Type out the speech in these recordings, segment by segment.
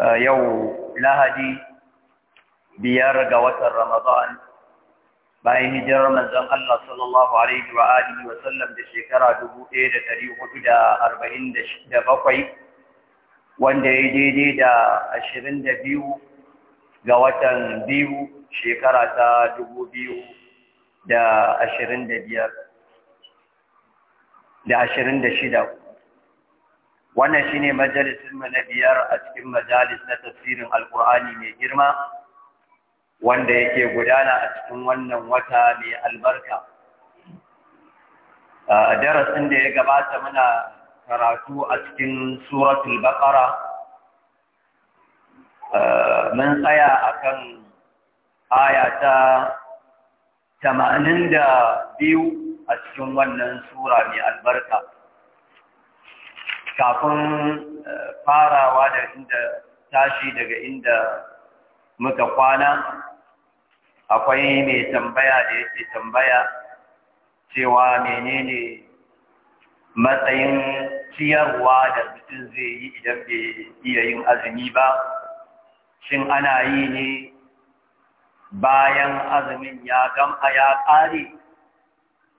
Eh, yau lahadi biyar ga watan ramadan bayan hijirar manzon Allah sallallahu alaihi wa alihi wa sallam da shekara 1447 wanda ya daidai da 22 ga watan biyu shekara ta 2025 da 26 wannan shine majalisin mu na biyar a cikin majalis na tafsirin alkur'ani mai girma wanda yake gudana a cikin wannan wata mai albarka darasin da ya gabata muna karatu a cikin suratul baqara mun tsaya akan aya ta 82 a cikin wannan sura mai albarka kafin eh, farawa da inda tashi daga inda muka kwana akwai mai tambaya da yake tambaya cewa menene matsayin ciyarwa da mutum zai yi idan bai iya yin azumi ba shin ana yi ne bayan azumin ya gama ya ƙare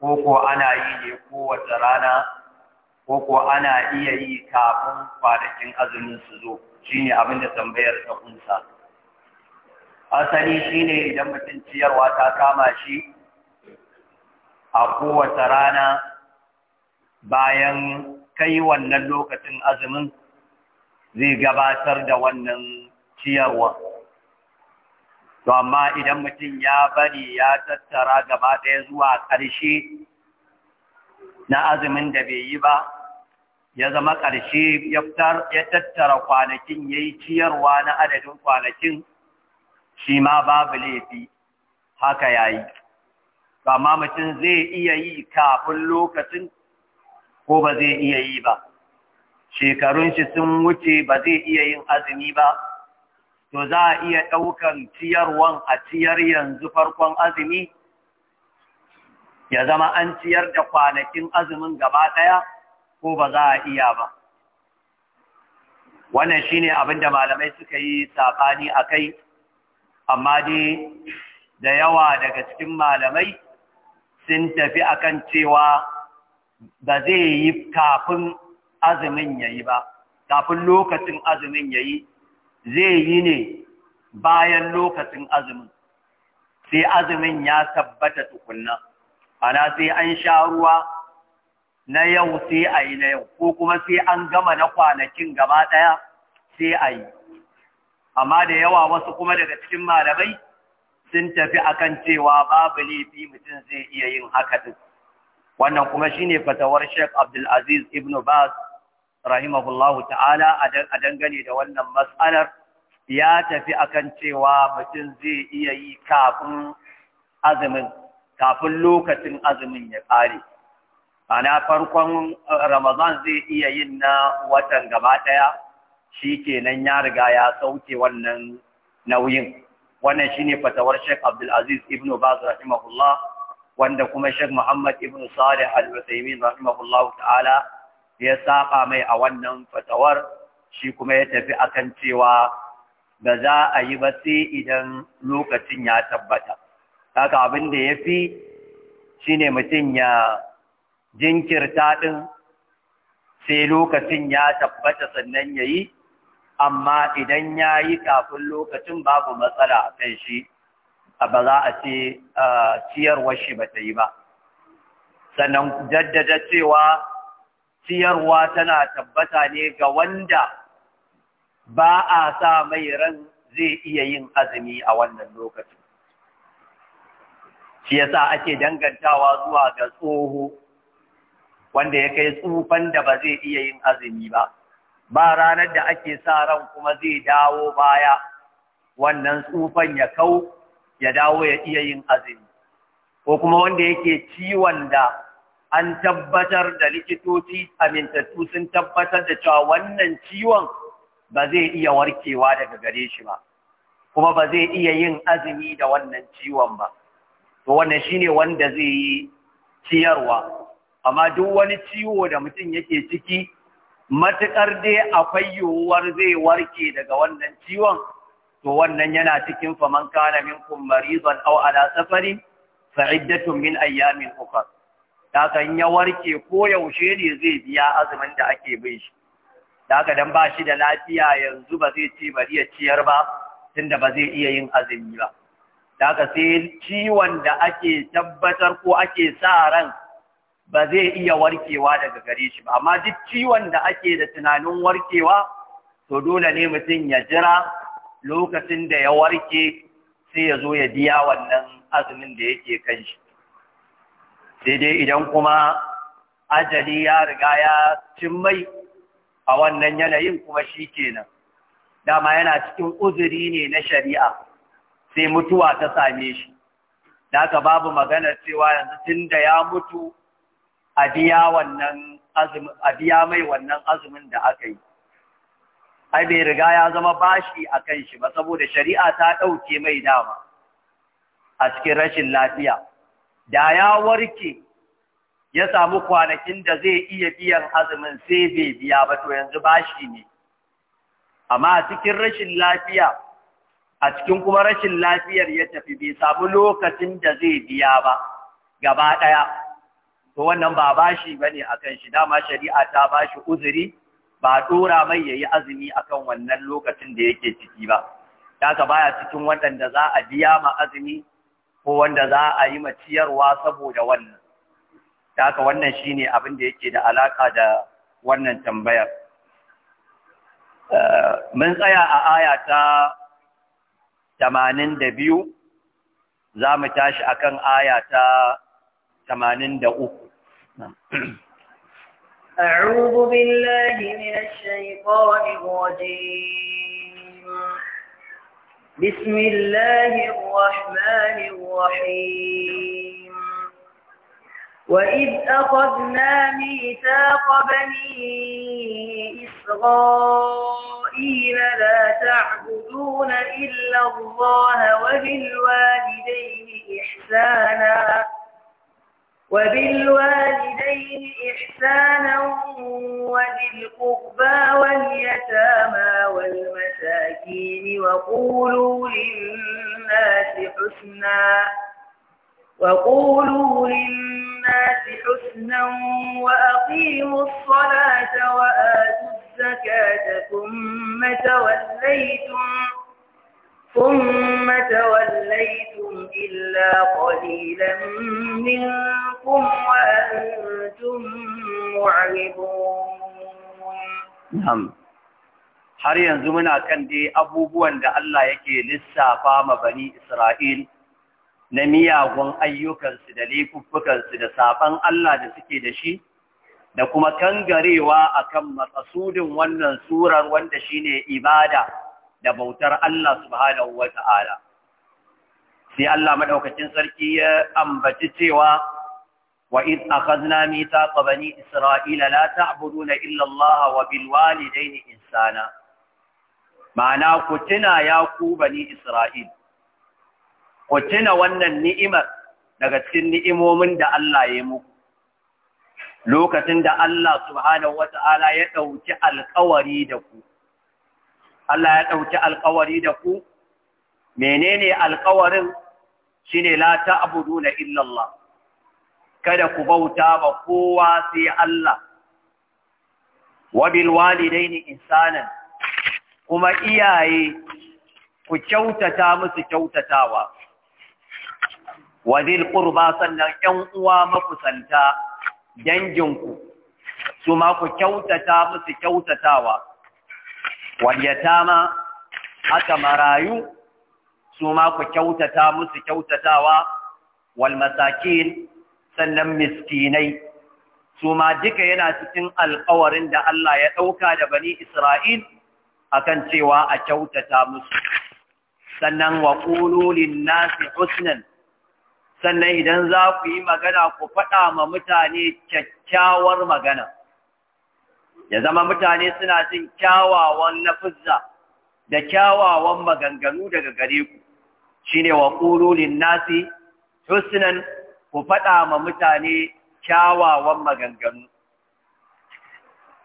ko ko ana yi ne kowace rana ko ko ana iya yi kafin kwanakin azumin su zo shine abin da tambayar ta kunsa asali shine idan mutum ciyarwa ta kama shi a kowace rana bayan kai wannan lokacin azumin zai gabatar da wannan ciyarwa to amma idan mutum ya bari ya tattara gaba ɗaya zuwa ƙarshe na azumin da bai yi ba ya zama ƙarshe ya tattara kwanakin ya yi ciyarwa na adadin kwanakin shi ma babu laifi haka ya yi amma mutum zai iya yi kafin lokacin ko ba zai iya yi ba shekarun shi sun wuce ba zai iya yin azumi ba to za a iya ɗaukan ciyarwan a ciyar yanzu farkon azumi ya zama an ciyar da kwanakin azumin gaba ɗaya ko ba za a iya ba wannan shine abin da malamai suka yi saɓani a kai amma dai da yawa daga cikin malamai sun tafi akan cewa ba zai yi kafin azumin ya ba kafin lokacin azumin ya zai yi ne bayan lokacin azumin sai azumin ya tabbata tukunna ana sai an sha ruwa na yau sai a yi na yau ko kuma sai an gama na kwanakin gaba ɗaya sai a yi amma da yawa wasu kuma daga cikin malamai sun tafi akan cewa babu laifi mutum zai iya yin haka din wannan kuma shi ne fatawar Sheikh Abdulaziz Aziz Ibn Baz rahimahullahu ta'ala a dangane da wannan matsalar, ya tafi akan cewa mutum zai iya yi kafin azumin kafin lokacin azumin ya ƙare ana farkon eh, Ramadan zai iya yin na watan gaba ɗaya shi kenan ya riga ya sauke wannan nauyin wannan shine fatawar Sheikh Abdulaziz Aziz ibn Baz rahimahullah wanda kuma Sheikh Muhammad ibn Salih al-Utsaimin rahimahullah ta'ala ya saba mai a wannan fatawar shi kuma ya tafi akan cewa ba za a yi ba sai idan lokacin ya tabbata haka abin da ya fi shine mutum ya jinkirta ɗin sai lokacin ya tabbata sannan ya yi, amma idan ya yi kafin lokacin babu matsala a kan shi, ba za a ce ciyarwar shi ba ta yi ba. Sannan jaddada cewa ciyarwa tana tabbata ne ga wanda ba a sa mai ran zai iya yin azumi a wannan lokacin. Shi yasa ake dangantawa zuwa ga tsoho wanda ya kai tsufan da ba zai iya yin azumi ba ba ranar da ake sa ran kuma zai dawo baya wannan tsufan ya kau ya dawo ya iya yin azumi ko kuma wanda yake ciwon da an tabbatar da likitoci amintattu sun tabbatar da cewa wannan ciwon ba zai iya warkewa daga gare shi ba kuma ba zai iya yin azumi da wannan ciwon ba to wannan shine wanda zai yi ciyarwa amma duk wani ciwo da mutum yake ciki matuƙar dai akwai yiwuwar zai warke daga wannan ciwon to wannan yana cikin faman kana minkum maridan aw ala safarin fa iddatun min ayyamin ukar. Da kan ya warke ko yaushe ne zai biya azumin da ake bin shi ka dan ba shi da lafiya yanzu ba zai ci bari ya ciyar ba tunda ba zai iya yin azumi ba haka sai ciwon da ake tabbatar ko ake sa ran ba zai iya warkewa daga gare shi ba amma duk ciwon da ake da tunanin warkewa to dole ne mutum ya jira lokacin da ya warke sai ya zo ya biya wannan azumin da yake kan shi sai dai idan kuma ajali ya riga ya cin mai a wannan yanayin kuma shi kenan dama yana cikin uzuri ne na shari'a sai mutuwa ta same shi da babu maganar cewa yanzu tun da ya mutu a biya mai wannan azumin da aka yi. Ai, bai riga ya zama bashi a kan shi ba, saboda shari'a ta ɗauke mai dama a cikin rashin lafiya. Da ya warke ya samu kwanakin da zai iya biyan azumin sai bai biya ba, to yanzu bashi ne. Amma a cikin rashin lafiya, a cikin kuma rashin lafiyar ya tafi bai samu lokacin da zai biya ba, gaba ɗaya. to wannan ba ba shi bane akan shi dama shari'a ta bashi uzuri ba dora mai yayi azumi akan wannan lokacin da yake ciki ba haka baya cikin waɗanda za a biya ma azumi ko wanda za a yi maciyarwa saboda wannan haka wannan shine abin da yake da alaka da wannan tambayar eh, mun tsaya a aya ta 82 za mu tashi akan aya ta ثمانين دقوق نعم. أعوذ بالله من الشيطان الرجيم بسم الله الرحمن الرحيم وإذ أخذنا ميثاق بني إسرائيل لا تعبدون إلا الله وبالوالدين إحساناً وبالوالدين إحسانا وذي القربى واليتامى والمساكين وقولوا للناس حسنا وقولوا للناس حسنا وأقيموا الصلاة وآتوا الزكاة ثم توليتم ثم توليتم إلا قليلا منكم وأنتم معرضون نعم har yanzu muna kan dai abubuwan da Allah yake lissafa ma bani Isra'il na miyagun ayyukansu da laifuffukansu da saban Allah da suke da shi, da kuma kangarewa akan matsasudin wannan surar wanda shine ibada da bautar Allah subhanahu wa ta'ala. Sai Allah maɗaukacin sarki ya ambaci cewa, wa a kazna mita bani isra'ila la ta'buduna na illallah wa bil walidayni insana. Ma'ana ku tuna ya ku bani Isra'il, ku tuna wannan ni'imar daga cikin ni'imomin da Allah ya muku. Lokacin da Allah subhanahu wa ta'ala ya ɗauki alkawari da ku. Allah ya ɗauki alkawari da ku, menene alkawarin shi ne la ta'abudu na illallah, kada ku bauta ba kowa sai Allah, wabil walidai ne insanan, kuma iyaye ku kyautata musu kyautatawa, wazil ƙurba sannan ‘yan uwa makusanta danginku, su ma ku kyautata musu kyautatawa. walyatama haka marayu su ma ku kyautata musu kyautatawa wal masakin sannan miskinai su ma duka yana cikin alƙawarin da Allah ya ɗauka da bani Isra'il akan cewa a kyautata musu sannan wa nasi husnan sannan idan za ku yi magana ku faɗa ma mutane kyakkyawar magana ya zama mutane suna jin kyawawan nafizza da kyawawan maganganu daga gare ku shine wa qulu nasi husnan ku faɗa ma mutane kyawawan maganganu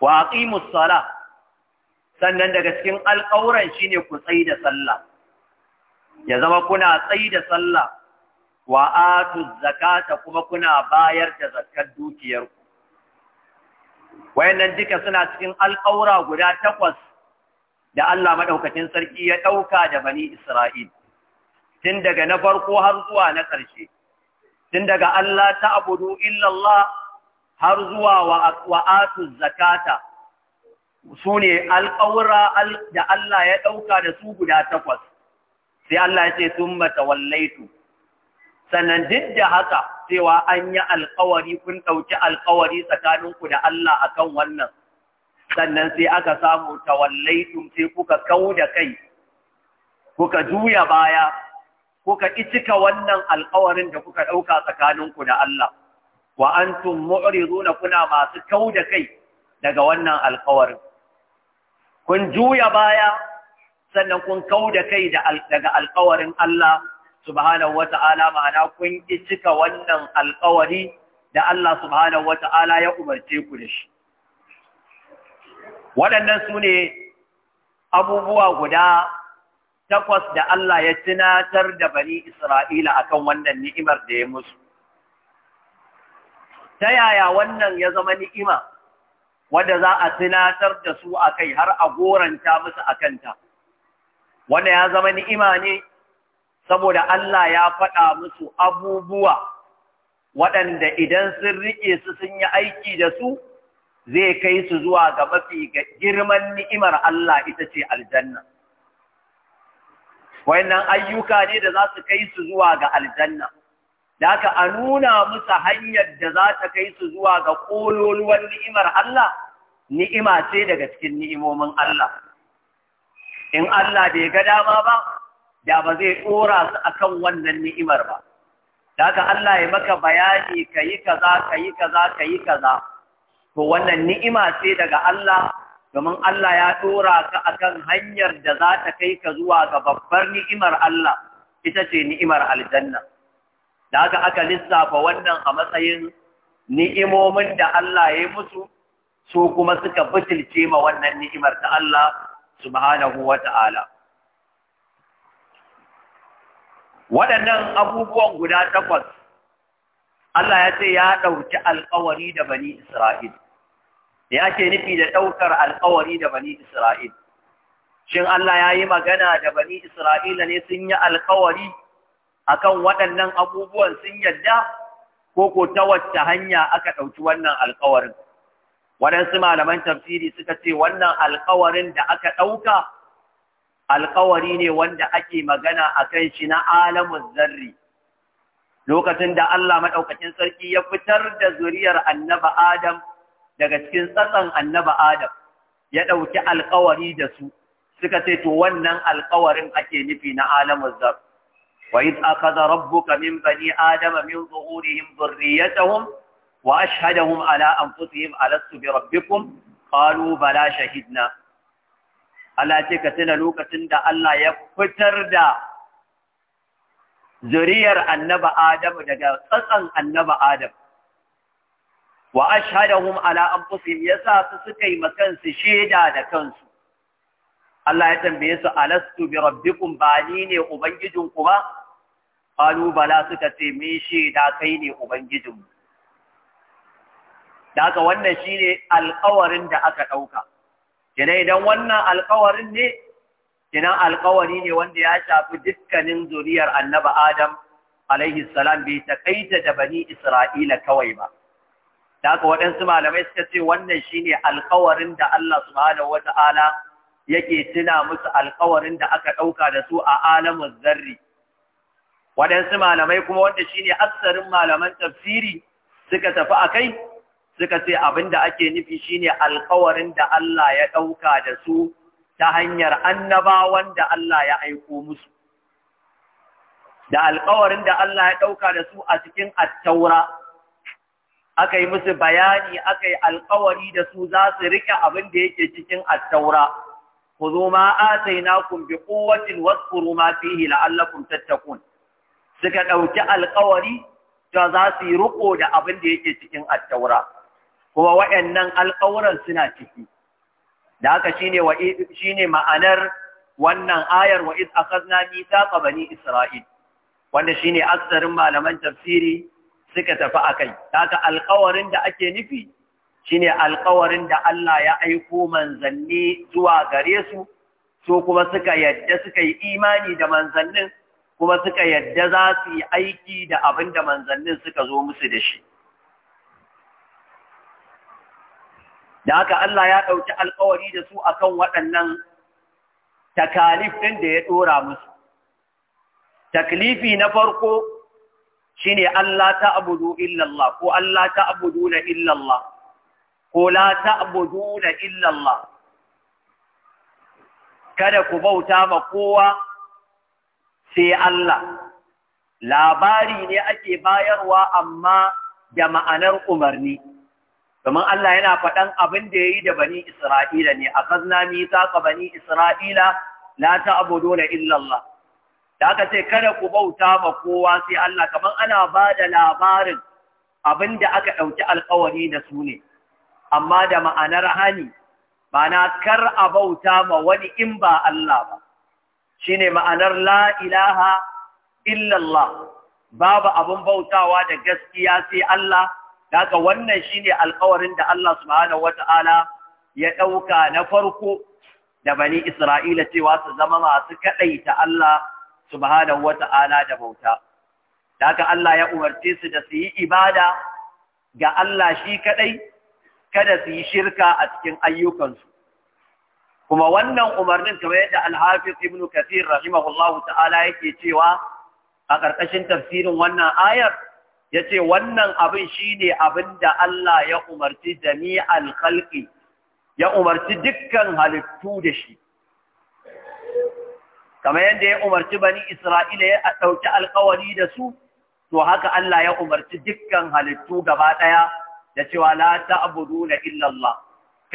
wa aqimus sala sannan daga cikin alƙawuran shine ku tsayi da sallah ya zama kuna tsayi da sallah wa atuz zakata kuma kuna bayar da zakkar dukiyarku wayannan duka suna cikin alƙaura guda takwas da Allah maɗaukacin sarki ya ɗauka da bani Isra'il tun daga na farko har zuwa na ƙarshe tun daga Allah ta abudu illallah har zuwa wa'atun zakata, zakata sune alƙawura da Allah ya ɗauka da su guda takwas sai Allah ya ce mata wallaitu. sannan duk da haka cewa an yi alkawari kun ɗauki alkawari tsakaninku da Allah akan wannan sannan sai aka samu tawallaitum sai kuka kau da kai kuka juya baya kuka icika wannan alkawarin da kuka ɗauka tsakaninku da Allah wa an antum mu'riduna kuna masu kau da kai daga wannan alkawarin kun juya baya sannan kun kau da kai daga alkawarin Allah subhanahu wata'ala ma'ana kun ki cika wannan alƙawari da Allah subhanahu wata'ala ya umarce ku da shi waɗannan su ne abubuwa guda takwas da Allah ya tunatar da bani Isra'ila akan wannan ni'imar da ya musu ta yaya wannan ya zama ni'ima wadda za a tunatar da su a kai har a goranta musu a kanta wanda ya zama ni'ima ne saboda Allah ya faɗa musu abubuwa waɗanda idan sun riƙe su sun yi aiki da su zai kai su zuwa ga mafi girman ni'imar Allah ita ce aljanna. Wannan ayyuka ne da za su kai su zuwa ga aljanna, da aka a nuna musu hanyar da za ta kai su zuwa ga ƙololuwar ni'imar Allah, ni'ima ce daga cikin ni'imomin Allah. In Allah bai ga dama ba, da ba zai ɗora su akan wannan ni'imar ba da ka Allah ya maka bayani kayi kaza kayi kaza kayi kaza to wannan ni'ima ce daga Allah domin Allah ya ɗora ka akan hanyar da za ta kai ka zuwa ga babbar ni'imar Allah ita ce ni'imar aljanna da ka aka lissafa wannan a matsayin ni'imomin da Allah ya yi musu su kuma suka butulce ma wannan ni'imar ta Allah subhanahu wa ta'ala waɗannan abubuwan guda takwas Allah ya ce ya ɗauki alƙawari da bani Isra'il ya ke nufi da ɗaukar alƙawari da bani Isra'il shin Allah ya yi magana da bani Isra'ila ne sun yi alƙawari a kan waɗannan abubuwan sun yadda ko ko ta wacce hanya aka ɗauki wannan alƙawarin waɗansu malaman tafsiri suka ce wannan alƙawarin da aka ɗauka alƙawari ne wanda ake magana a kan shi na alamun zarri lokacin da Allah maɗaukacin sarki ya fitar da zuriyar annaba Adam daga cikin tsatsan annaba Adam ya ɗauki alƙawari da su suka ce to wannan alƙawarin ake nufi na alamun zarri wa iz akhadha rabbuka min bani adama min zuhurihim dhurriyyatahum wa hum ala anfusihim alastu bi rabbikum qalu bala shahidna Allah ce ka tuna lokacin da Allah ya fitar da zuriyar annaba Adam daga tsatsan annaba Adam. Wa ashhadahum ala anfusihim yasa su suka yi makansu shaida da kansu. Allah ya tambaye su alastu bi rabbikum ba ni ne ubangijinku ba? Qalu bala suka ce me shaida kai ne ubangijinmu. Daga haka wannan shine alƙawarin da aka ɗauka. kina idan wannan alƙawarin ne kina alƙawari ne wanda ya shafi dukkanin zuriyar annaba adam alaihi salam bai takaita da bani isra'ila kawai ba da haka waɗansu malamai suka ce wannan shine alƙawarin da Allah subhanahu wata'ala yake tuna musu alƙawarin da aka ɗauka da su a alamin zarri waɗansu malamai kuma wanda shine aksarin malaman tafsiri suka tafi a kai suka ce abin da ake nufi shine alkawarin da Allah ya ɗauka da su ta hanyar annabawan da Allah ya aiko musu. Da alkawarin da Allah ya ɗauka da su a cikin attaura, aka yi musu bayani aka yi alkawari da su za su riƙe abin da yake cikin attaura, ku zo ma a sai na kumbi kowacin wasu ma fihi la'allakun tattakun. Suka ɗauki alkawari, ta za su yi riƙo da abin da yake cikin attaura. kuma waɗannan alƙawuran suna ciki da haka shine wa ma'anar wannan ayar wa iz akhadna mithaqa bani isra'il wanda shine aksarin malaman tafsiri suka tafi a akai haka alƙawarin da ake nufi shine alƙawarin da Allah ya aiko manzanni zuwa gare su so kuma suka yadda suka yi imani da manzannin kuma suka yadda za su yi aiki da abin da manzannin suka zo musu da shi da haka Allah ya ɗauki alkawari da su akan waɗannan takalif ɗin da ya ɗora musu taklifi na farko shine Allah ta abudu illallah ko Allah ta abudu na illallah ko la ta abudu na illallah kada ku bauta ma kowa sai Allah labari ne ake bayarwa amma da ma'anar umarni kamar Allah yana faɗan abin da ya yi da bani Isra'ila ne, a kazna ka bani Isra'ila na ta abudu na illallah. Da aka ce, kada ku bauta ma kowa sai Allah, kamar ana ba da labarin abin da aka ɗauki alkawari da su ne, amma da ma'anar hani, ba na kar a bauta ma wani in ba Allah ba, shi ne ma'anar la ilaha illallah, babu abin bautawa da gaskiya sai Allah. Daga wannan shine alƙawarin da Allah subhanahu Ta'ala ya ɗauka na farko da bani Isra'ila cewa su zama masu kaɗaita Allah subhanahu Ta'ala da bauta. Daga Allah ya umarce su da su yi ibada ga Allah shi kaɗai, kada su yi shirka a cikin ayyukansu. Kuma wannan umarnin kamar yadda Alhafiz Ibn Kathir rahimahullahu ta'ala yake cewa a ƙarƙashin tafsirin wannan ayar ya ce wannan abin shi ne abin da Allah ya umarci jami'al halki, ya umarci dukkan halittu da shi. Kamar yadda ya umarci bani Isra'ila ya ɗauki alkawari da su, to haka Allah ya umarci dukkan halittu gaba ɗaya da cewa la ta'budu na illallah,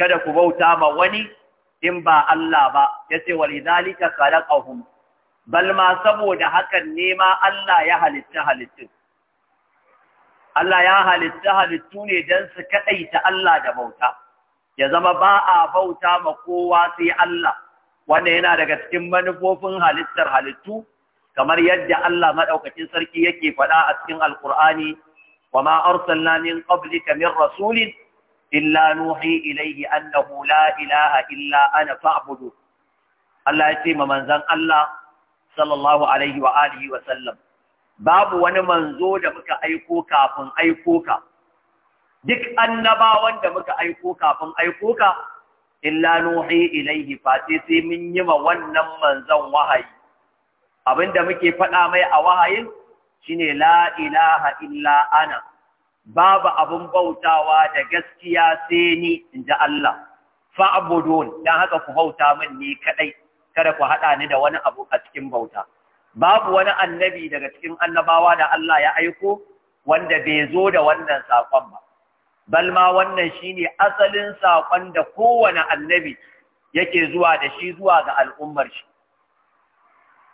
kada ku bauta ma wani in ba Allah ba, ya ce wa lidhalika khalaqahum bal ma saboda hakan nema Allah ya halitta halittu Allah ya halitta halittu ne don su kaɗaita Allah da bauta, ya zama ba a bauta ma kowa sai Allah, wanda yana daga cikin manufofin halittar halittu, kamar yadda Allah maɗaukacin sarki yake faɗa a cikin Alƙur'ani, wa ma arsalna min qablika kamar rasulin illa nuhi ilaihi annahu la ilaha illa ana fa'budu. Allah ya ce ma manzon Allah sallallahu alaihi wa alihi wa sallam babu wani manzo da muka aiko kafin aiko ka duk annabawan da muka aiko kafin aiko ka illa nuhi ilaihi fati sai mun yi ma wannan manzon wahayi abinda muke faɗa mai a wahayin shine la ilaha illa ana babu abun bautawa da gaskiya sai ni inji Allah fa'budun dan haka ku bauta min ni kadai kada ku hada ni da wani abu a cikin bauta babu wani annabi daga cikin annabawa da Allah ya aiko wanda bai zo da wannan saƙon ba bal ma wannan shine asalin saƙon da kowane annabi yake zuwa da shi zuwa ga al'ummar shi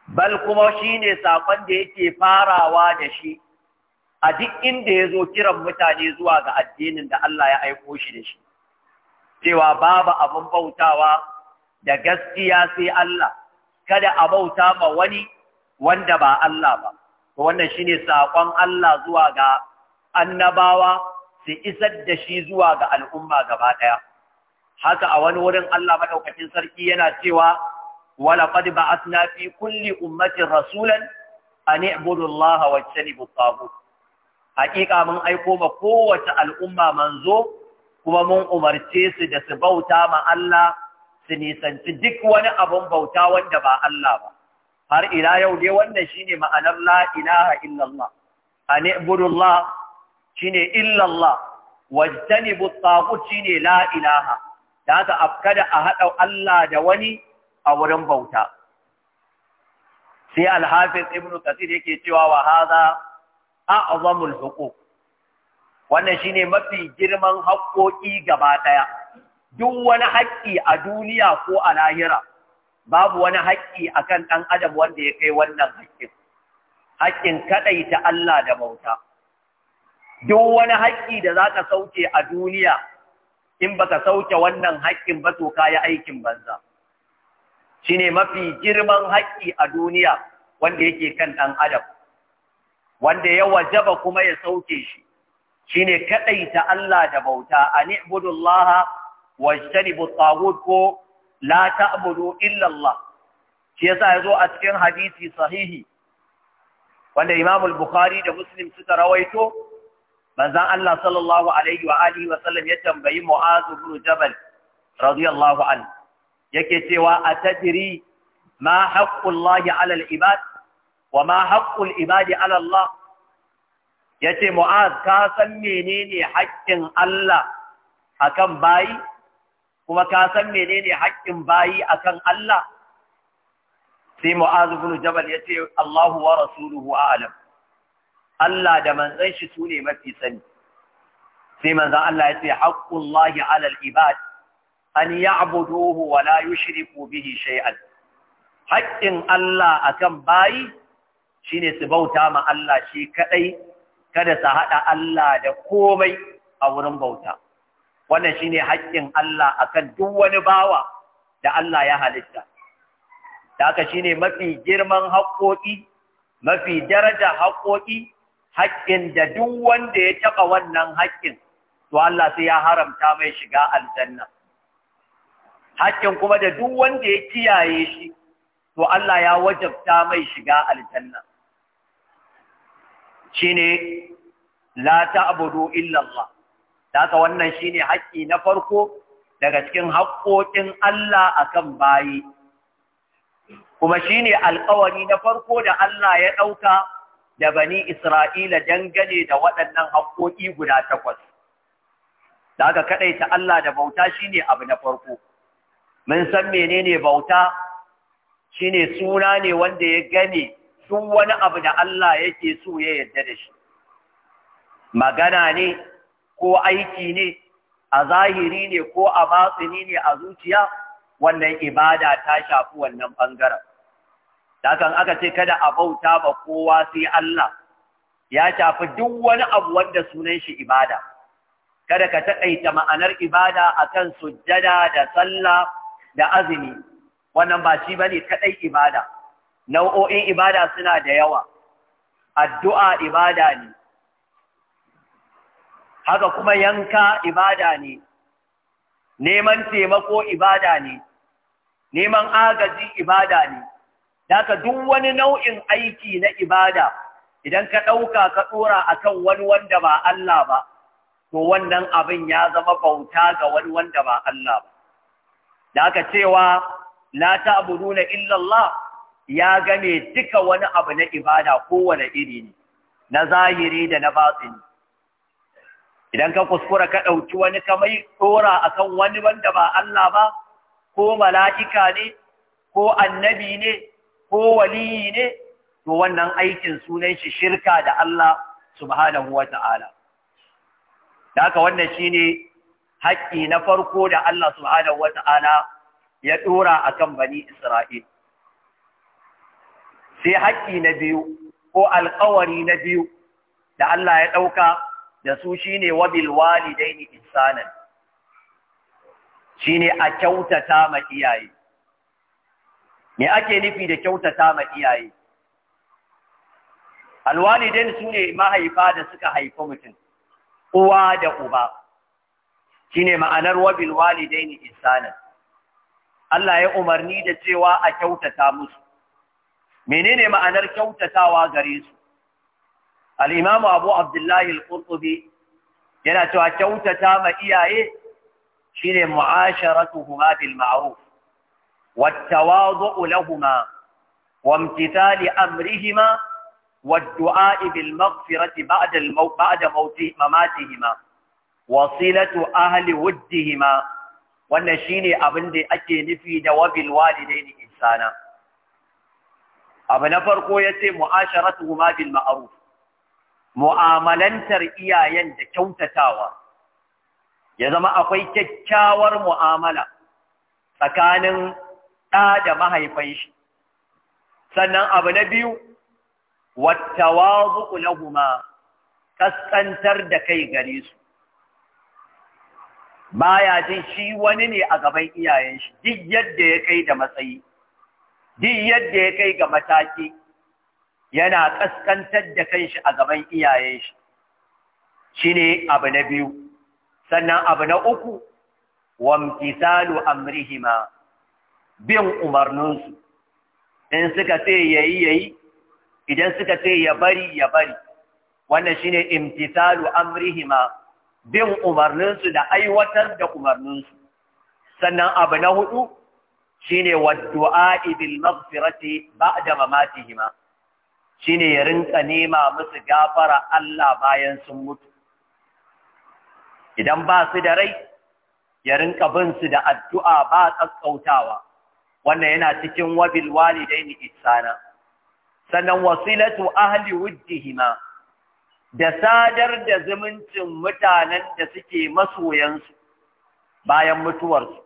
bal kuma shine saƙon da yake farawa da shi a duk inda ya zo kiran mutane zuwa ga addinin da Allah ya aiko shi da shi cewa babu abin bautawa da gaskiya sai Allah kada a bauta ma wani wanda ba Allah ba wannan shine saƙon Allah zuwa ga annabawa su isar da shi zuwa ga al'umma gaba ɗaya. haka a wani wurin Allah madaukakin sarki yana cewa wala ba ba'athna fi kulli ummatin rasulan an i'budu Allah wa tajtanibu mun aiko ma kowace al'umma manzo kuma mun umarce su da su bauta ma Allah su nisanci duk wani abun bauta wanda ba Allah ba har ila yau dai wannan shine ma'anar la ilaha illallah an ibudullah shine illallah wajtanibu tagut shine la ilaha da haka afkada a hada Allah da wani a wurin bauta sai al-hafiz ibn kathir yake cewa wa hadha a'zamul huquq wannan shine mafi girman haƙoƙi gaba ɗaya duk wani haƙƙi a duniya ko a lahira babu wani haƙƙi akan ɗan adam wanda ya kai wannan haƙƙin haƙƙin kaɗai ta Allah da bauta duk wani haƙƙi da za ka sauke a duniya in ba ka sauke wannan haƙƙin ba to yi aikin banza Shi ne mafi girman haƙƙi a duniya wanda yake kan ɗan adam wanda ya wajaba kuma ya sauke shi shi ne kaɗai ta Allah da bauta a ni'budullaha wajtanibu at ko la ta'budu illallah. Allah shi yasa zo a cikin hadisi sahihi wanda Imamul bukhari da Muslim suka rawaito manzon Allah sallallahu alaihi wa sallam ya tambayi Mu'az ibn Jabal radiyallahu anhu yake cewa atadri ma haqqu Allah 'ala ibad wa ma haqqu ibadi 'ala Allah yace Mu'az ka san menene haƙƙin Allah akan bayi kuma ka san menene haƙƙin bayi akan Allah sai mu'azu bin jabal ya ce Allahu wa rasuluhu a'lam Allah da manzon shi su ne mafi sani sai manzon Allah ya ce haqqullahi 'alal ibad an ya'buduhu wa la yushriku bihi shay'an haƙƙin Allah akan bayi shine su bauta ma Allah shi kadai kada su haɗa Allah da komai a wurin bauta wannan shine haƙƙin Allah akan duk wani bawa da Allah ya halitta da haka shine mafi girman haƙƙoƙi mafi daraja haƙƙoƙi haƙƙin da duk wanda ya taɓa wannan haƙƙin to Allah sai ya haramta mai shiga aljanna haƙƙin kuma da duk wanda ya kiyaye shi to Allah ya wajabta mai shiga aljanna shine la ta'budu illa illallah da wannan wannan shine haƙƙi na farko daga cikin haƙƙoƙin Allah a kan bayi kuma shine alƙawari na farko da Allah ya ɗauka da bani Isra'ila dangane da waɗannan haƙƙoƙi guda takwas da kaɗai kaɗaita Allah da bauta shine abu na farko mun san menene bauta shine suna ne wanda ya gane sun wani abu da Allah yake so ya yarda da shi magana ne ko aiki ne a zahiri ne ko a batsini ne a zuciya wannan ibada ta shafi wannan bangaren dakan aka ce kada a bauta ba kowa sai Allah ya shafi duk wani abu wanda sunan shi ibada kada ka taƙaita ma'anar ibada akan sujjada da sallah da azumi wannan ba shi bane kadai ibada nau'o'in ibada suna da yawa addu'a ibada ne haka kuma yanka ibada ne neman taimako ibada ne neman agaji ibada ne daga duk wani nau'in aiki na ibada idan ka ɗauka ka ɗora akan wani wanda ba Allah ba to wannan abin ya zama bauta ga wani wanda ba Allah ba daga cewa la abu nuna illallah, ya game duka wani abu na ibada kowane iri ne na zahiri da na batsini. idan ka kuskura ka ɗauki wani kamai ɗora a kan wani wanda ba Allah ba ko mala'ika ne ko annabi ne ko waliyi ne to wannan aikin sunan shi shirka da Allah subhanahu wa ta'ala da haka wannan shi ne haƙƙi na farko da Allah subhanahu wa ta'ala ya ɗora a kan bani Isra'il sai haƙƙi na biyu ko alƙawari na biyu da Allah ya ɗauka da su shine wabil walidaini Shi ne a kyautata ma iyaye me ake nufi da kyautata ma iyaye alwalidain ne mahaifa da suka haifa mutum uwa da uba Shi ne ma'anar wabil walidaini insanan. Allah ya umarni da cewa a kyautata musu menene ma'anar kyautatawa gare su Al’imamu abu Abdullahi al’urɗubi yana cewa kyautata ma iyaye shine ne mu’asharatu huma bil ma’aruf, wata wa zo’ula huma, wamkita li amrihima, wadda’a ibil mafirati ba da mamati hima, wasilatu ahali wujji hima, wannan shine ne abin da ake nufi da wabil walidai ne insana. Abu na farko ya ce mu’asharatu huma ma’aruf. mu'amalantar iyayen da kyautatawa ya zama akwai kyakkyawar mu'amala tsakanin ɗa da mahaifin shi sannan abu na biyu na lahuma kaskantar da kai gare su baya jin shi wani ne a gaban iyayen shi duk yadda ya kai da matsayi duk yadda ya kai ga mataki yana ƙaskantar da kanshi a gaban iyayen shi Shi ne abu na biyu sannan abu na uku wamtisalu amrihima bin umarninsu in suka ce ya yi, idan suka ce ya bari ya bari wannan shi shine imtisalu amrihima bin umarninsu da aiwatar da umarninsu sannan abu na hudu shi ne shine waddu'a bil ba da mamatihima Shi ne ya rinka nema musu gafara Allah bayan sun mutu idan ba su da rai ya rinka bin su da addu'a ba tsakautawa wannan yana cikin wabil ni isana sannan wasilatu ahli wujjihima da sadar da zumuncin mutanen da suke masoyansu bayan mutuwarsu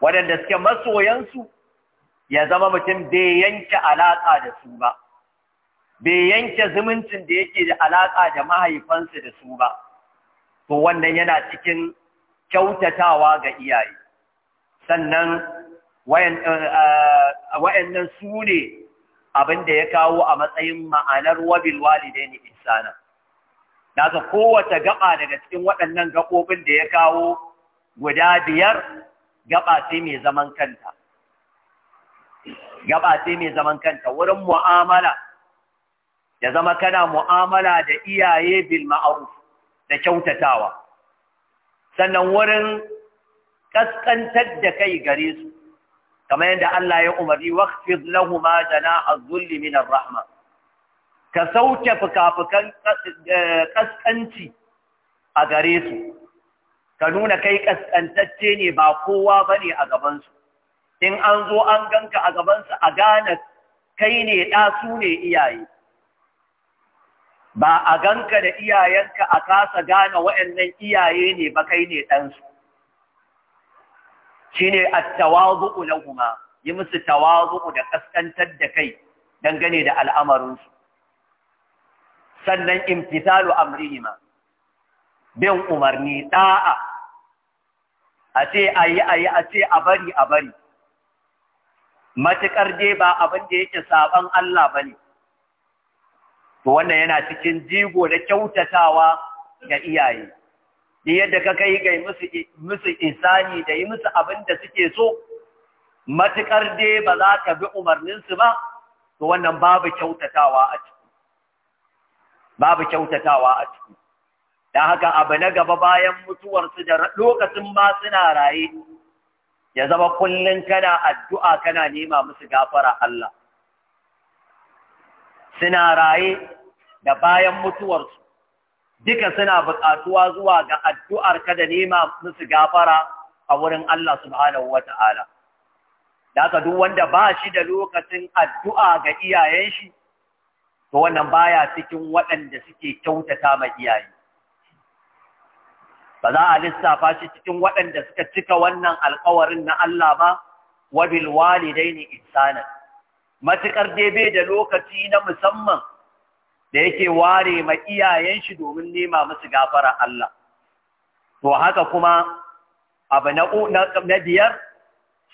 waɗanda suke masoyansu ya zama mutum bai yanke alaƙa da su ba bai yanke zumuncin da yake da alaƙa da mahaifansu da su ba to wannan yana cikin kyautatawa ga iyaye sannan eh, wayannan su ne abin da ya kawo a matsayin ma'anar wabil walidaini Na daga kowace gaba daga cikin waɗannan gaɓoɓin da ya kawo guda biyar gaba sai mai zaman kanta gaba mai zaman kanta wurin mu'amala ya zama kana mu'amala da iyaye bil ma'ruf da kyautatawa sannan wurin kaskantar da kai gare su kamar yadda Allah ya umarni waqfid lahumu janaha az-zulli min ar-rahma ka sauke fukafukan eh, kaskanci a gare su ka nuna kai kaskantacce ne ba kowa bane a gaban su in an zo an ganka a gabansu a gane kai ne ɗa su ne iyaye ba a ganka da iyayenka a kasa gane waɗannan iyaye ne ba kai ne ɗansu shi ne a tawazu'u kuma yi musu tawazu'u da ƙasƙantar da kai dangane da al'amarinsu sannan in fitalu amrihima bin umarni ɗa'a a ce a yi a yi a ce a bari a bari matuƙar dai ba abin da yake saban Allah ba ne. To wannan yana cikin jigo da kyautatawa ga iyaye. Ni yadda ka kai ga musu isani da yi musu abin da suke so, matuƙar dai ba za ka bi umarninsu ba, to wannan babu kyautatawa a ciki. Babu kyautatawa a ciki. Da haka abu na gaba bayan mutuwarsu da lokacin ma suna raye. ya zama kullum kana addu'a kana nema musu gafara Allah suna raye da bayan mutuwarsu duka suna buƙatuwa zuwa ga addu'ar kada nema musu gafara a wurin Allah subhanahu wa ta'ala. Da duk wanda ba shi da lokacin addu'a ga iyayen shi, to wannan baya cikin waɗanda suke kyautata ma iyaye. ba za a lissafa shi cikin waɗanda suka cika wannan alkawarin na Allah ba wa bil walidaini Matuƙar debe da lokaci na musamman da yake ware ma iyayen shi domin nema musu gafara Allah to haka kuma abu na na biyar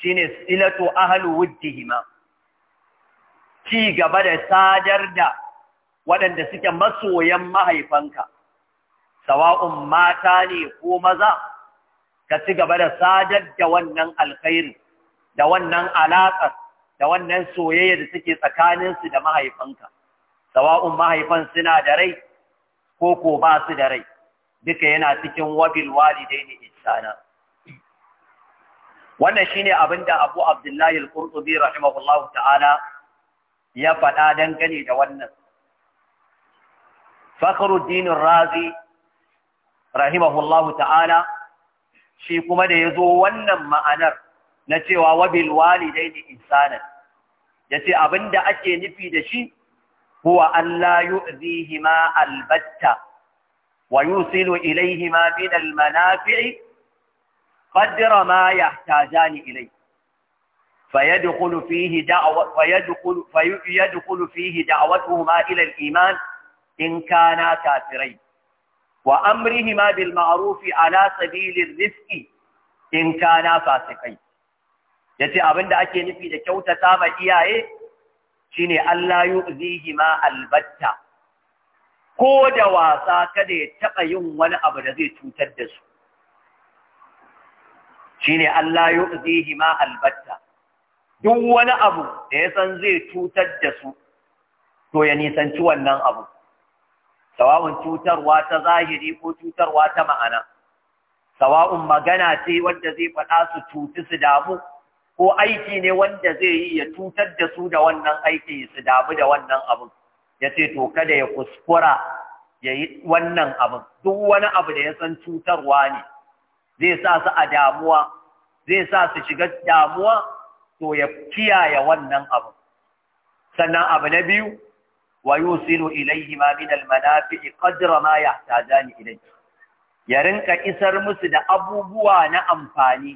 shine silatu ahlu wuddihima ci gaba da sadar da waɗanda suke masoyan mahaifanka sawa'un mata ne ko maza ka ci gaba da sadar da wannan alkhairi da wannan alaƙa da wannan soyayya da suke tsakaninsu da mahaifanka sawa'un mahaifan suna da rai ko ko ba su da rai duka yana cikin wabil walidaini ihsana wannan shine abin da Abu Abdullahi al-Qurtubi rahimahullahu ta'ala ya faɗa dangane da wannan Fakhruddin Razi rahimahullahu ta'ala shi kuma da ya zo wannan ma'anar na cewa wabil walidaini insanan yace abinda ake nufi da shi huwa alla yu'dhihima albatta wa yusilu ilayhima min almanafi'i qadra ma yahtajani ilayhi فيدخل فيه دعوة فيدخل فيدخل فيه دعوتهما إلى الإيمان إن كانا كافرين wa amrihima bil ma'rufi ala sabilir rizqi in kana fasikai yace abinda ake nufi da kyautata ma iyaye shine Allah yu'zihima albatta ko da wasa kada ya taba yin wani abu da zai cutar da su shine Allah yu'zihima albatta duk wani abu da ya san zai cutar da su to ya nisanci wannan abu sawa'un cutarwa ta zahiri ko cutarwa ta ma'ana sawa'un magana ce wanda zai faɗa su cuti su damu ko aiki ne wanda zai yi ya cutar da su da wannan aiki su damu da wannan abin ya ce to kada ya kuskura ya yi wannan abin duk wani abu da ya san cutarwa ne zai sa su a damuwa zai sa su shiga damuwa to ya kiyaye wannan abin sannan abu na biyu ويوصل إليهما من المنافع قدر ما يحتاجان إليه يرنك إسر مسد أبو بوان أمفاني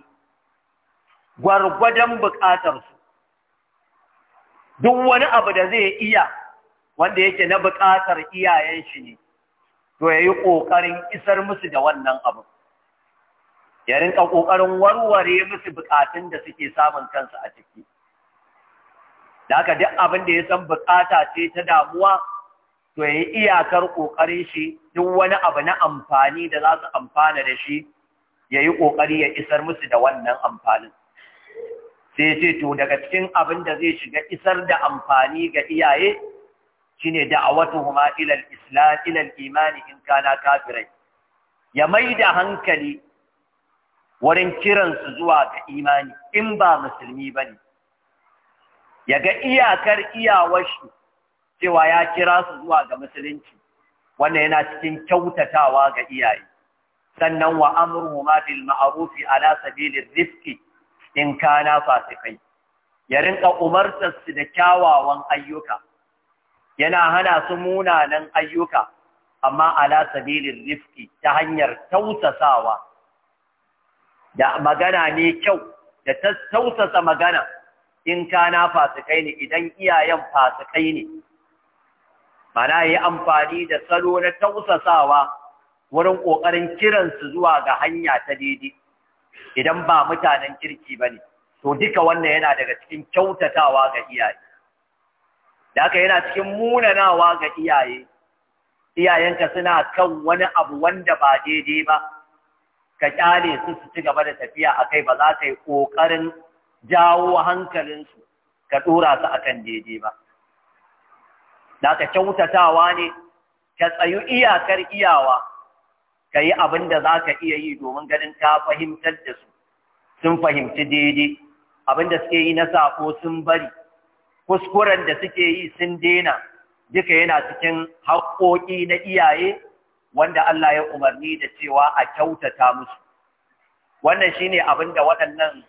gwargwadon buƙatarsu, duk wani abu da zai iya wanda yake na buƙatar iyayen shi ne, to ya yi ƙoƙarin isar musu da wannan abu. Ya rinƙa ƙoƙarin warware musu buƙatun da suke samun kansu a ciki. da haka duk abin da ya san bukata ce ta damuwa to ya yi iyakar ƙoƙarin shi duk wani abu na amfani da za su amfana da shi ya yi ƙoƙari ya isar musu da wannan amfanin sai ce to daga cikin abin da zai shiga isar da amfani ga iyaye shi shine a wata ilal islam isla, ilal imani in kana kafirai ya mai da hankali wurin kiransu zuwa ga imani in ba musulmi ba ne. ya ga iyakar iyawashi cewa ya kira su zuwa ga musulunci wanda yana cikin kyautatawa ga iyaye sannan wa ma'arufi bil ma'rufi ala sabilir rizqi in kana fasikai ya rinka umartar su da kyawawan ayyuka yana hana su munanan ayyuka amma ala sabilin rifki ta hanyar tausasawa da magana ne kyau da tausasa magana in na fasikai ne idan iyayen fasikai ne mana yi amfani da salo na tausasawa wurin ƙoƙarin kiransu zuwa ga hanya ta daidai idan ba mutanen kirki ba ne to duka wannan yana daga cikin kyautatawa ga iyaye da haka yana cikin munanawa ga iyaye iyayenka suna kan wani abu wanda ba daidai ba ka kyale su su ci gaba da tafiya akai ba za ka yi ƙoƙarin jawo hankalinsu ka ɗora su a kan daidai ba da ka kyautatawa ne ka tsayu iyakar iyawa ka yi abin da za ka iya yi domin ganin ka fahimtar da su sun fahimci daidai abin da suke yi na saƙo sun bari kuskuren da suke yi sun dena duka yana cikin haƙoƙi na iyaye wanda Allah ya umarni da cewa a kyautata musu wannan shi ne abin da waɗannan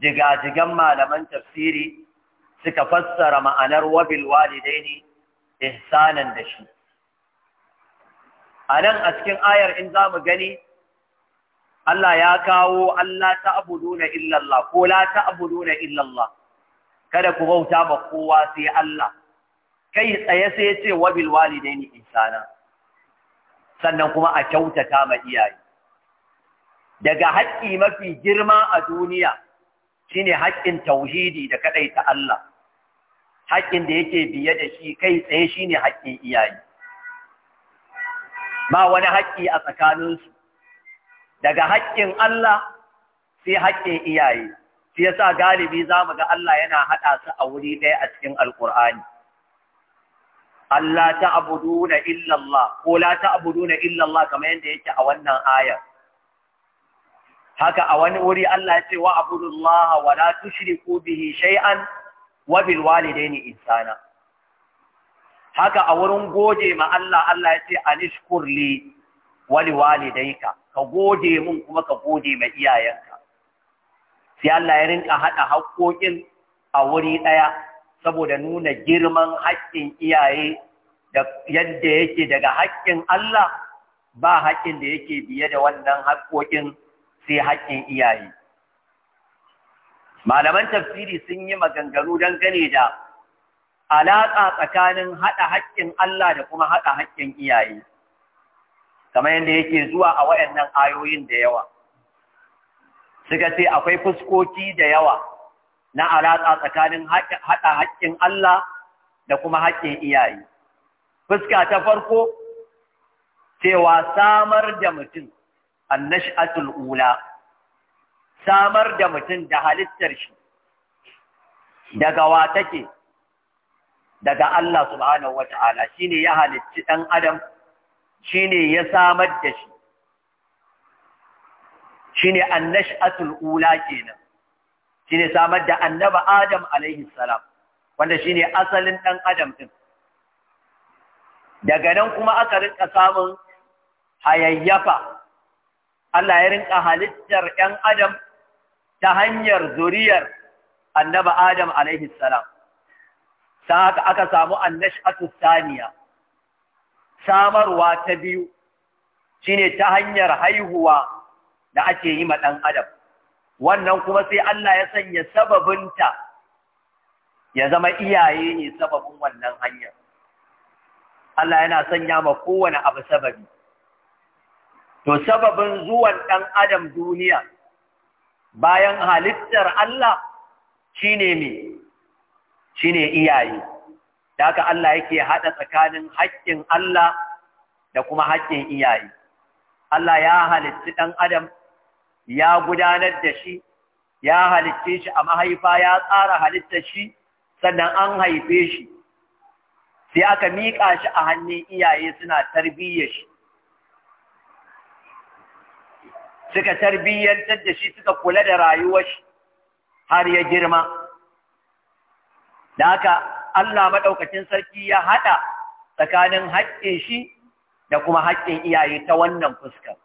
jigajigan malaman tafsiri suka fassara ma'anar wabil walidaini ihsanan da shi a nan a cikin ayar in za mu gani Allah ya kawo Allah ta'buduna illallah ko la ta'buduna illallah kada ku bauta ba kowa sai Allah kai tsaye sai ya ce wabil walidaini ihsana sannan kuma a kyautata ma iyaye daga haƙƙi mafi girma a duniya shine haƙƙin tauhidi da ta Allah haƙƙin da yake biye da shi kai tsaye shine haƙƙin iyaye ba wani haƙƙi a tsakaninsu daga haƙƙin Allah sai haƙƙin iyaye shi yasa galibi zamu ga Allah yana haɗa su a wuri ɗaya a cikin Alƙur'ani Allah ta'buduna illa illallah ko la kamar yadda yake a wannan ayar haka a wani wuri Allah ya ce wa abudullaha wa la tushriku bihi shay'an wa bil walidaini ihsana haka a wurin gode ma Allah Allah ya ce anishkur li wa li walidayka ka gode mun kuma ka gode ma iyayenka sai Allah ya rinka hada haƙoƙin a wuri daya saboda nuna girman haƙƙin iyaye da yadda yake daga haƙƙin Allah ba haƙƙin da yake biye da wannan haƙoƙin sai haƙƙin iyaye malaman tafsiri sun yi maganganu don gane da alaƙa tsakanin haɗa haƙƙin Allah da kuma haɗa haƙƙin iyaye, kamar yadda yake zuwa a waɗannan ayoyin da yawa. Suka ce akwai fuskoki da yawa na alaƙa tsakanin haɗa haƙƙin Allah da kuma haƙƙin iyaye. Fuska ta farko, cewa samar da mutum annash'atul ula samar da mutum da halittar shi daga wa take daga Allah subhanahu wata'ala shine ya halicci dan adam shine ya samar da shi shine annash'atul ula kenan shine samar da annaba adam alaihi salam wanda shine asalin dan adam din daga nan kuma aka rinka samun hayayyafa Allah ya rinka halittar ‘yan Adam ta hanyar zuriyar annaba Adam alaihi salam. Ta haka aka samu annashatu saniya, samarwa ta biyu shine ta hanyar haihuwa da ake yi ma ɗan Adam. Wannan kuma sai Allah ya sanya sababinta ya zama iyaye ne sababin wannan hanyar. Allah yana sanya ma kowane abu sababi. To sababin zuwan ɗan adam duniya bayan halittar Allah shine shi Shine iyaye. Da aka Allah yake haɗa tsakanin haƙƙin Allah da kuma haƙƙin iyaye. Allah ya halitti ɗan adam ya gudanar da shi, ya halitte shi a mahaifa ya tsara halittar shi, sannan an haife shi. Sai aka miƙa shi a hannun iyaye suna tarbiyyar shi. suka tarbiyyantar da shi suka kula da rayuwar shi har ya girma da haka Allah maɗaukacin sarki ya haɗa tsakanin haƙƙin shi da kuma haƙƙin iyaye ta wannan fuskar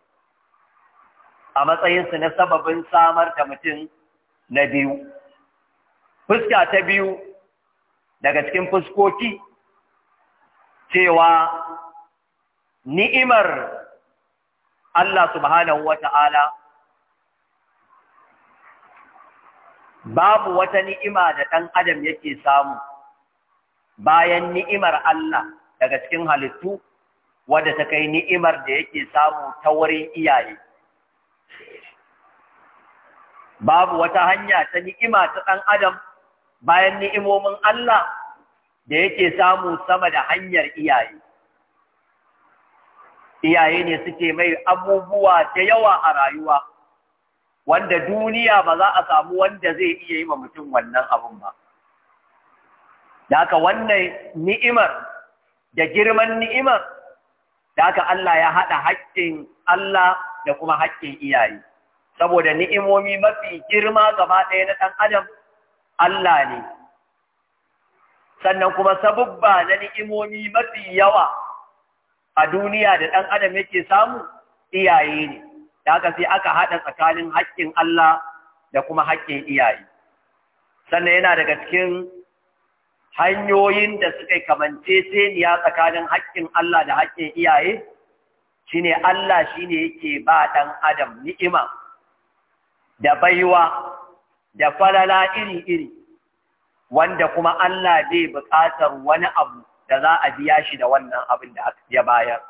a matsayinsu na sababin samar da mutum na biyu fuska ta biyu daga cikin fuskoki cewa ni'imar Allah subhanahu wata'ala babu wata ni'ima da ɗan adam yake samu bayan ni'imar Allah daga cikin halittu wadda ta kai ni'imar da yake samu ta wurin iyaye babu wata hanya ta ni'ima ta ɗan adam bayan ni'imomin Allah da yake samu sama da hanyar iyaye iyaye ne suke mai abubuwa da yawa a rayuwa wanda duniya ba za a samu wanda zai iya yi wa mutum wannan abun ba da haka wannan ni'imar da girman ni'imar da haka Allah ya haɗa haƙƙin Allah da kuma haƙƙin iyaye saboda ni'imomi mafi girma gaba ɗaya na ɗan adam Allah ne sannan kuma sabubba na ni'imomi mafi yawa a duniya da ɗan adam yake samu iyaye ne da haka sai aka haɗa tsakanin haƙƙin Allah da kuma haƙƙin iyaye sannan yana daga cikin hanyoyin da suka kamance ya tsakanin haƙƙin Allah da haƙƙin iyaye shine Allah shine yake ba ɗan adam ni'ima da baiwa da falala iri-iri wanda kuma Allah bai buƙatar wani abu da za a biya shi da wannan abin da ya bayar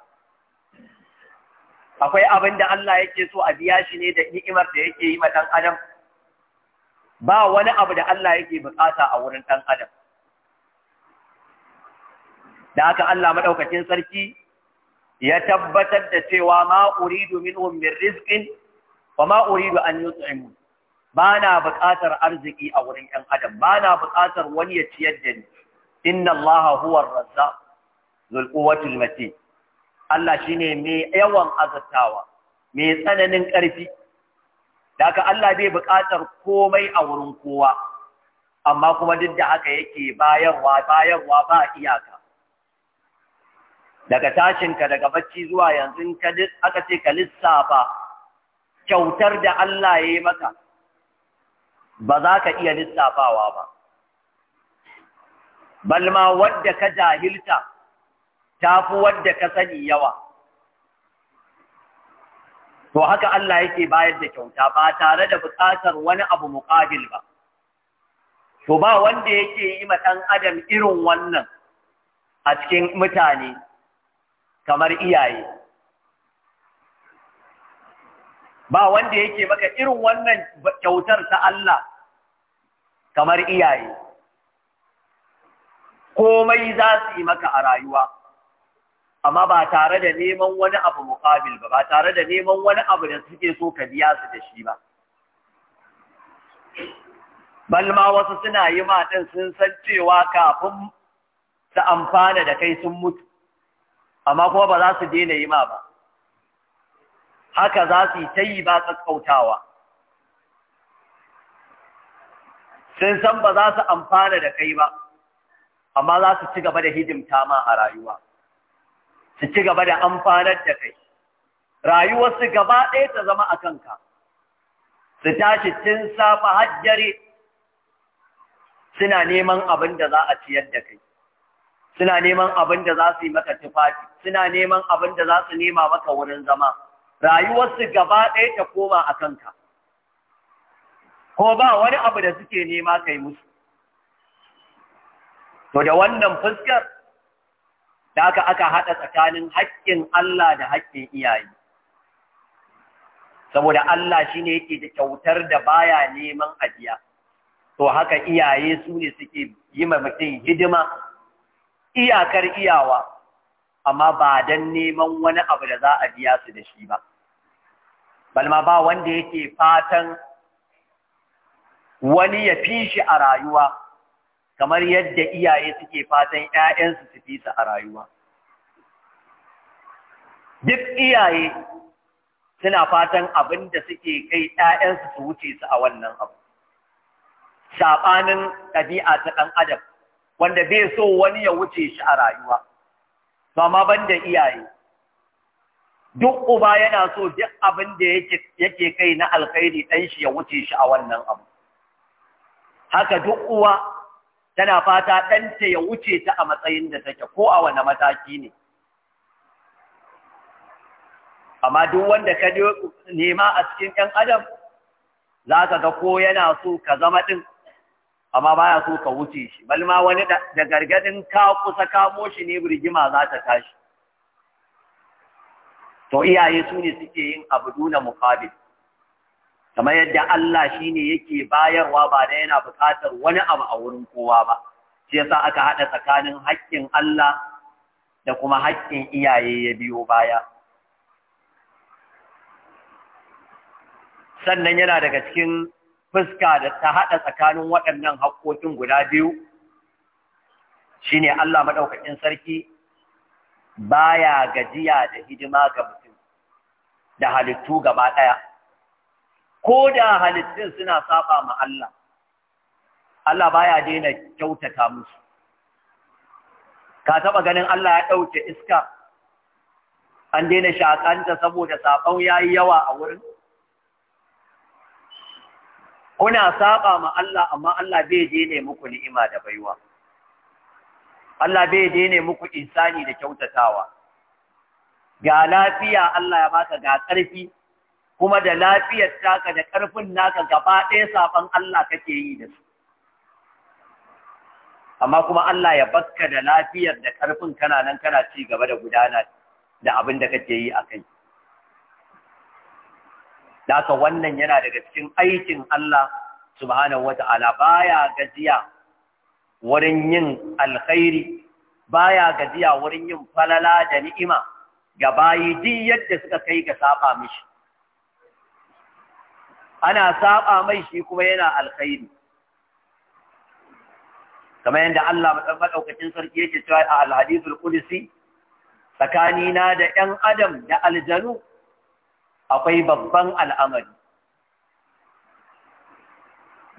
akwai abin da Allah yake so a biya shi ne da ni'imar da yake yi ma adam ba wani abu da Allah yake bukata a wurin ɗan adam da aka Allah maɗaukacin sarki ya tabbatar da cewa ma uridu minhum min rizqin wa ma uridu an tsaimu ba na buƙatar arziki a wurin ɗan adam ba na buƙatar wani ya ciyar da ni inna allaha huwa ar-razzaq quwwati al Allah shine mai yawan azatawa mai tsananin ƙarfi da Allah bai buƙatar komai a wurin kowa amma kuma duk da haka yake bayarwa bayarwa ba iyaka daga tashinka daga bacci zuwa yanzu aka ce ka lissafa kyautar da Allah ya yi maka ba za ka iya lissafawa ba balma wadda ka jahilta ta fi wadda ka sani yawa to haka Allah yake bayar da kyauta ba tare da buƙatar wani abu muƙabil ba to ba wanda yake yi ma ɗan adam irin wannan a cikin mutane kamar iyaye ba wanda yake maka irin wannan kyautar ta Allah kamar iyaye komai za su yi maka a rayuwa amma ba tare da neman wani abu muƙabil ba ba tare da neman wani abu da suke so ka biya su da shi ba Balma wasu suna yi matan sun san cewa kafin su amfana da kai sun mutu amma kuma ba za su daina yi ma ba haka za su yi ta yi ba tsakautawa sun san ba za su amfana da kai ba amma za su ci gaba da hidimta ma a rayuwa su ci gaba da amfanar da kai rayuwarsu gaba ɗaya ta zama a kanka su tashi tun safa hajjare suna neman abin da za a ciyar da kai suna neman abin da za su yi maka tufafi suna neman abin da za su nema maka wurin zama rayuwarsu gaba ɗaya ta koma a kanka ko ba wani abu da suke nema kai musu To da wannan fuskar, da aka aka haɗa tsakanin haƙƙin Allah da haƙƙin iyaye. Saboda Allah shi ne yake da kyautar da baya neman ajiya. To haka iyaye su ne suke yi ma mutum hidima, iyakar iyawa, amma ba don neman wani abu da za a biya su da shi ba. Balma ba wanda yake fatan wani ya fi shi a rayuwa. kamar yadda iyaye suke fatan ‘ya'yansu su fi su a rayuwa. Duk iyaye suna fatan abin da suke kai ‘ya'yansu su wuce su a wannan abu. Saɓanin ɗabi'a ta ɗan adam, wanda bai so wani ya wuce shi a rayuwa, ba ma ban da iyaye. Duk uba yana so duk abin da yake kai na alkhairi ɗan shi ya wuce shi a wannan abu. Haka duk uwa tana fata ɗanta ya wuce ta a matsayin da take ko a wane mataki ne amma duk wanda ka nema a cikin ‘yan adam za ka ga ko yana so ka zama ɗin amma baya so ka wuce shi balma wani da gargadin ka kusa kamo shi ne birgima za ta tashi to iyaye su ne suke yin abu duna muqabil kamar yadda Allah shi shine yake bayarwa ba da yana bukatar wani abu a wurin kowa ba shi yasa aka haɗa tsakanin haƙƙin Allah da kuma haƙƙin iyaye ya biyo baya sannan yana daga cikin fuska da ta haɗa tsakanin waɗannan haƙƙoƙin guda biyu shine Allah maɗaukakin sarki baya gajiya da hidima ga mutum da halittu gaba ɗaya ko da halittun suna saba ma Allah Allah baya daina kyautata musu ka taba ganin Allah ya ɗauke iska an daina shaƙanta saboda ya yi yawa a wurin kuna saba ma Allah amma Allah bai daina muku ni'ima da baiwa Allah bai daina muku insani da kyautatawa ga lafiya Allah ya baka ga ƙarfi kuma da lafiyar taka da ƙarfin naka gaba ɗaya saɓan Allah kake yi da su. Amma kuma Allah ya bakka da lafiyar da ƙarfin kana nan kana ci gaba da gudana da abin da kake yi a kai. Daka wannan yana daga cikin aikin Allah subhanahu ba baya gajiya wurin yin alkhairi, baya gajiya wurin yin falala da ni'ima ga bayi duk yadda suka kai ga safa mishi. ana saba mai shi kuma yana alkhairi kamar yadda Allah madaukakin sarki yake cewa a alhadithul qudsi tsakani na da ɗan adam da aljanu akwai babban al'amari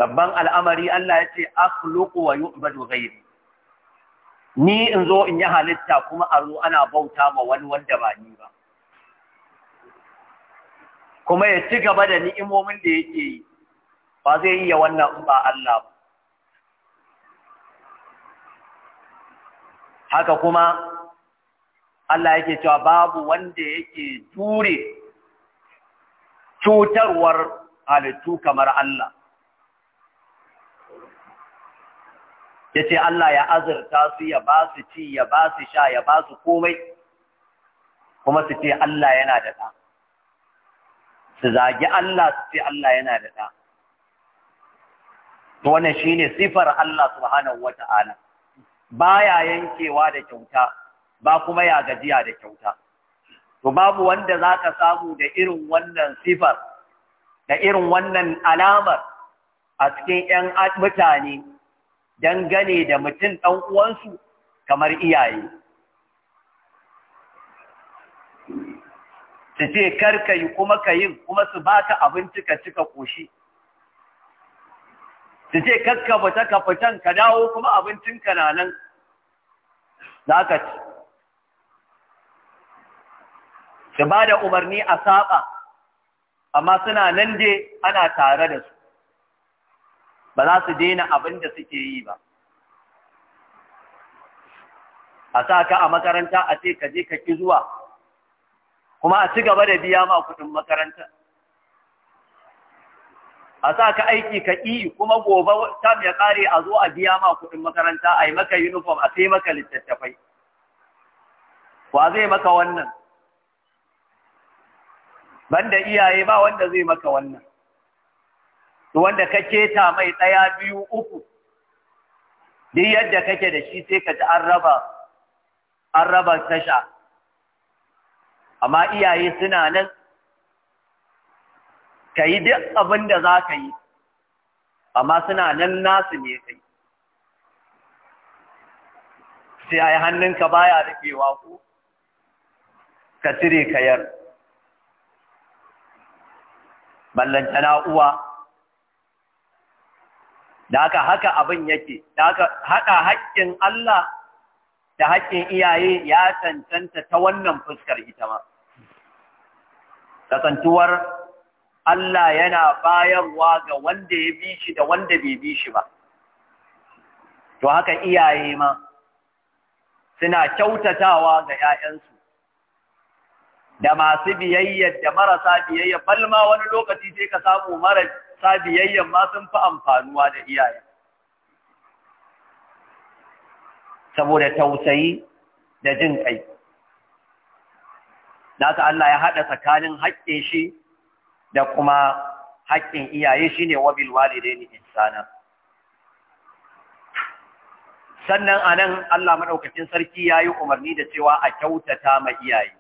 babban al'amari Allah ya ce akhluqu wa yu'badu ghayri ni in zo in yi halitta kuma a zo ana bauta ma wani wanda ba ni ba kuma ya ci gaba da ni'imomin da yake yi ba zai iya wannan ba Allah ba haka kuma Allah yake cewa babu wanda yake ture cutarwar halittu kamar Allah Ya ce Allah ya azurta su ya ba su ci ya ba su sha ya ba su komai kuma su ce Allah yana da ɗan su zagi Allah su ce Allah yana da ɗa to shi ne sifar Allah subhanahu wata'ala ya yankewa da kyauta ba kuma ya gajiya da kyauta to babu wanda za ka samu da irin wannan sifar da irin wannan alamar a cikin 'yan mutane gane da mutum ɗan uwansu kamar iyaye su ce kar ka yi kuma ka yin kuma su baka abinci ka cika koshi su ce kar fita ka fitan ka dawo kuma abincin ka na nan za ka ci su ba da umarni a saba amma suna nan dai ana tare da su ba za su daina abin da suke yi ba a sa ka a makaranta a ce ka je ka ki zuwa kuma a ci gaba da biya ma kuɗin makaranta a sa ka aiki ka ƙi kuma gobe tam ya ƙare a zo a biya ma kuɗin makaranta a yi maka uniform a sai maka littattafai wa zai maka wannan banda iyaye ba wanda zai maka wannan wanda ka keta mai ɗaya biyu uku duk yadda kake da shi sai ka ji an raba an raba tasha amma iyaye suna nan ka yi duk abin da za ka yi amma suna nan nasu ne kai sai a yi hannunka baya rufewa ko ka cire kayar na uwa da haka haka abin yake da haka haɗa haƙƙin Allah da haƙƙin iyaye ya cancanta ta wannan fuskar ita ma kasantuwar Allah yana bayarwa ga wanda ya bi shi da wanda bai bi shi ba to haka iyaye ma suna kyautatawa ga 'ya'yansu da masu biyayya da marasa biyayya balma wani lokaci sai ka samu marasa biyayya ma sun fi amfanuwa da iyaye saboda tausayi da jin ƙai. da ta Allah ya haɗa tsakanin haƙƙin shi da kuma haƙƙin iyaye shi ne wabil walidaini insana sannan a nan Allah maɗaukacin sarki ya yi umarni da cewa a kyautata ma iyaye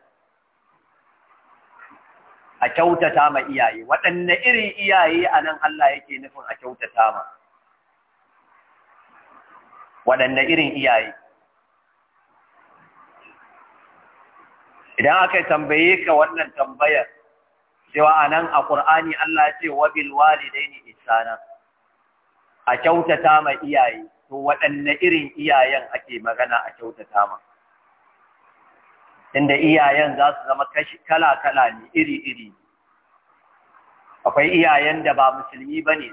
a kyautata ma iyaye waɗanne irin iyaye a nan Allah yake nufin a kyautata ma waɗanne irin iyaye idan aka tambaye ka wannan tambayar cewa nan a ƙur'ani Allah ce wa bil walidaini isana a kyautata ma iyaye to waɗanne irin iyayen ake magana a kyautata ma inda iyayen za su zama kashi kala kala ne iri iri akwai iyayen da ba musulmi ba ne.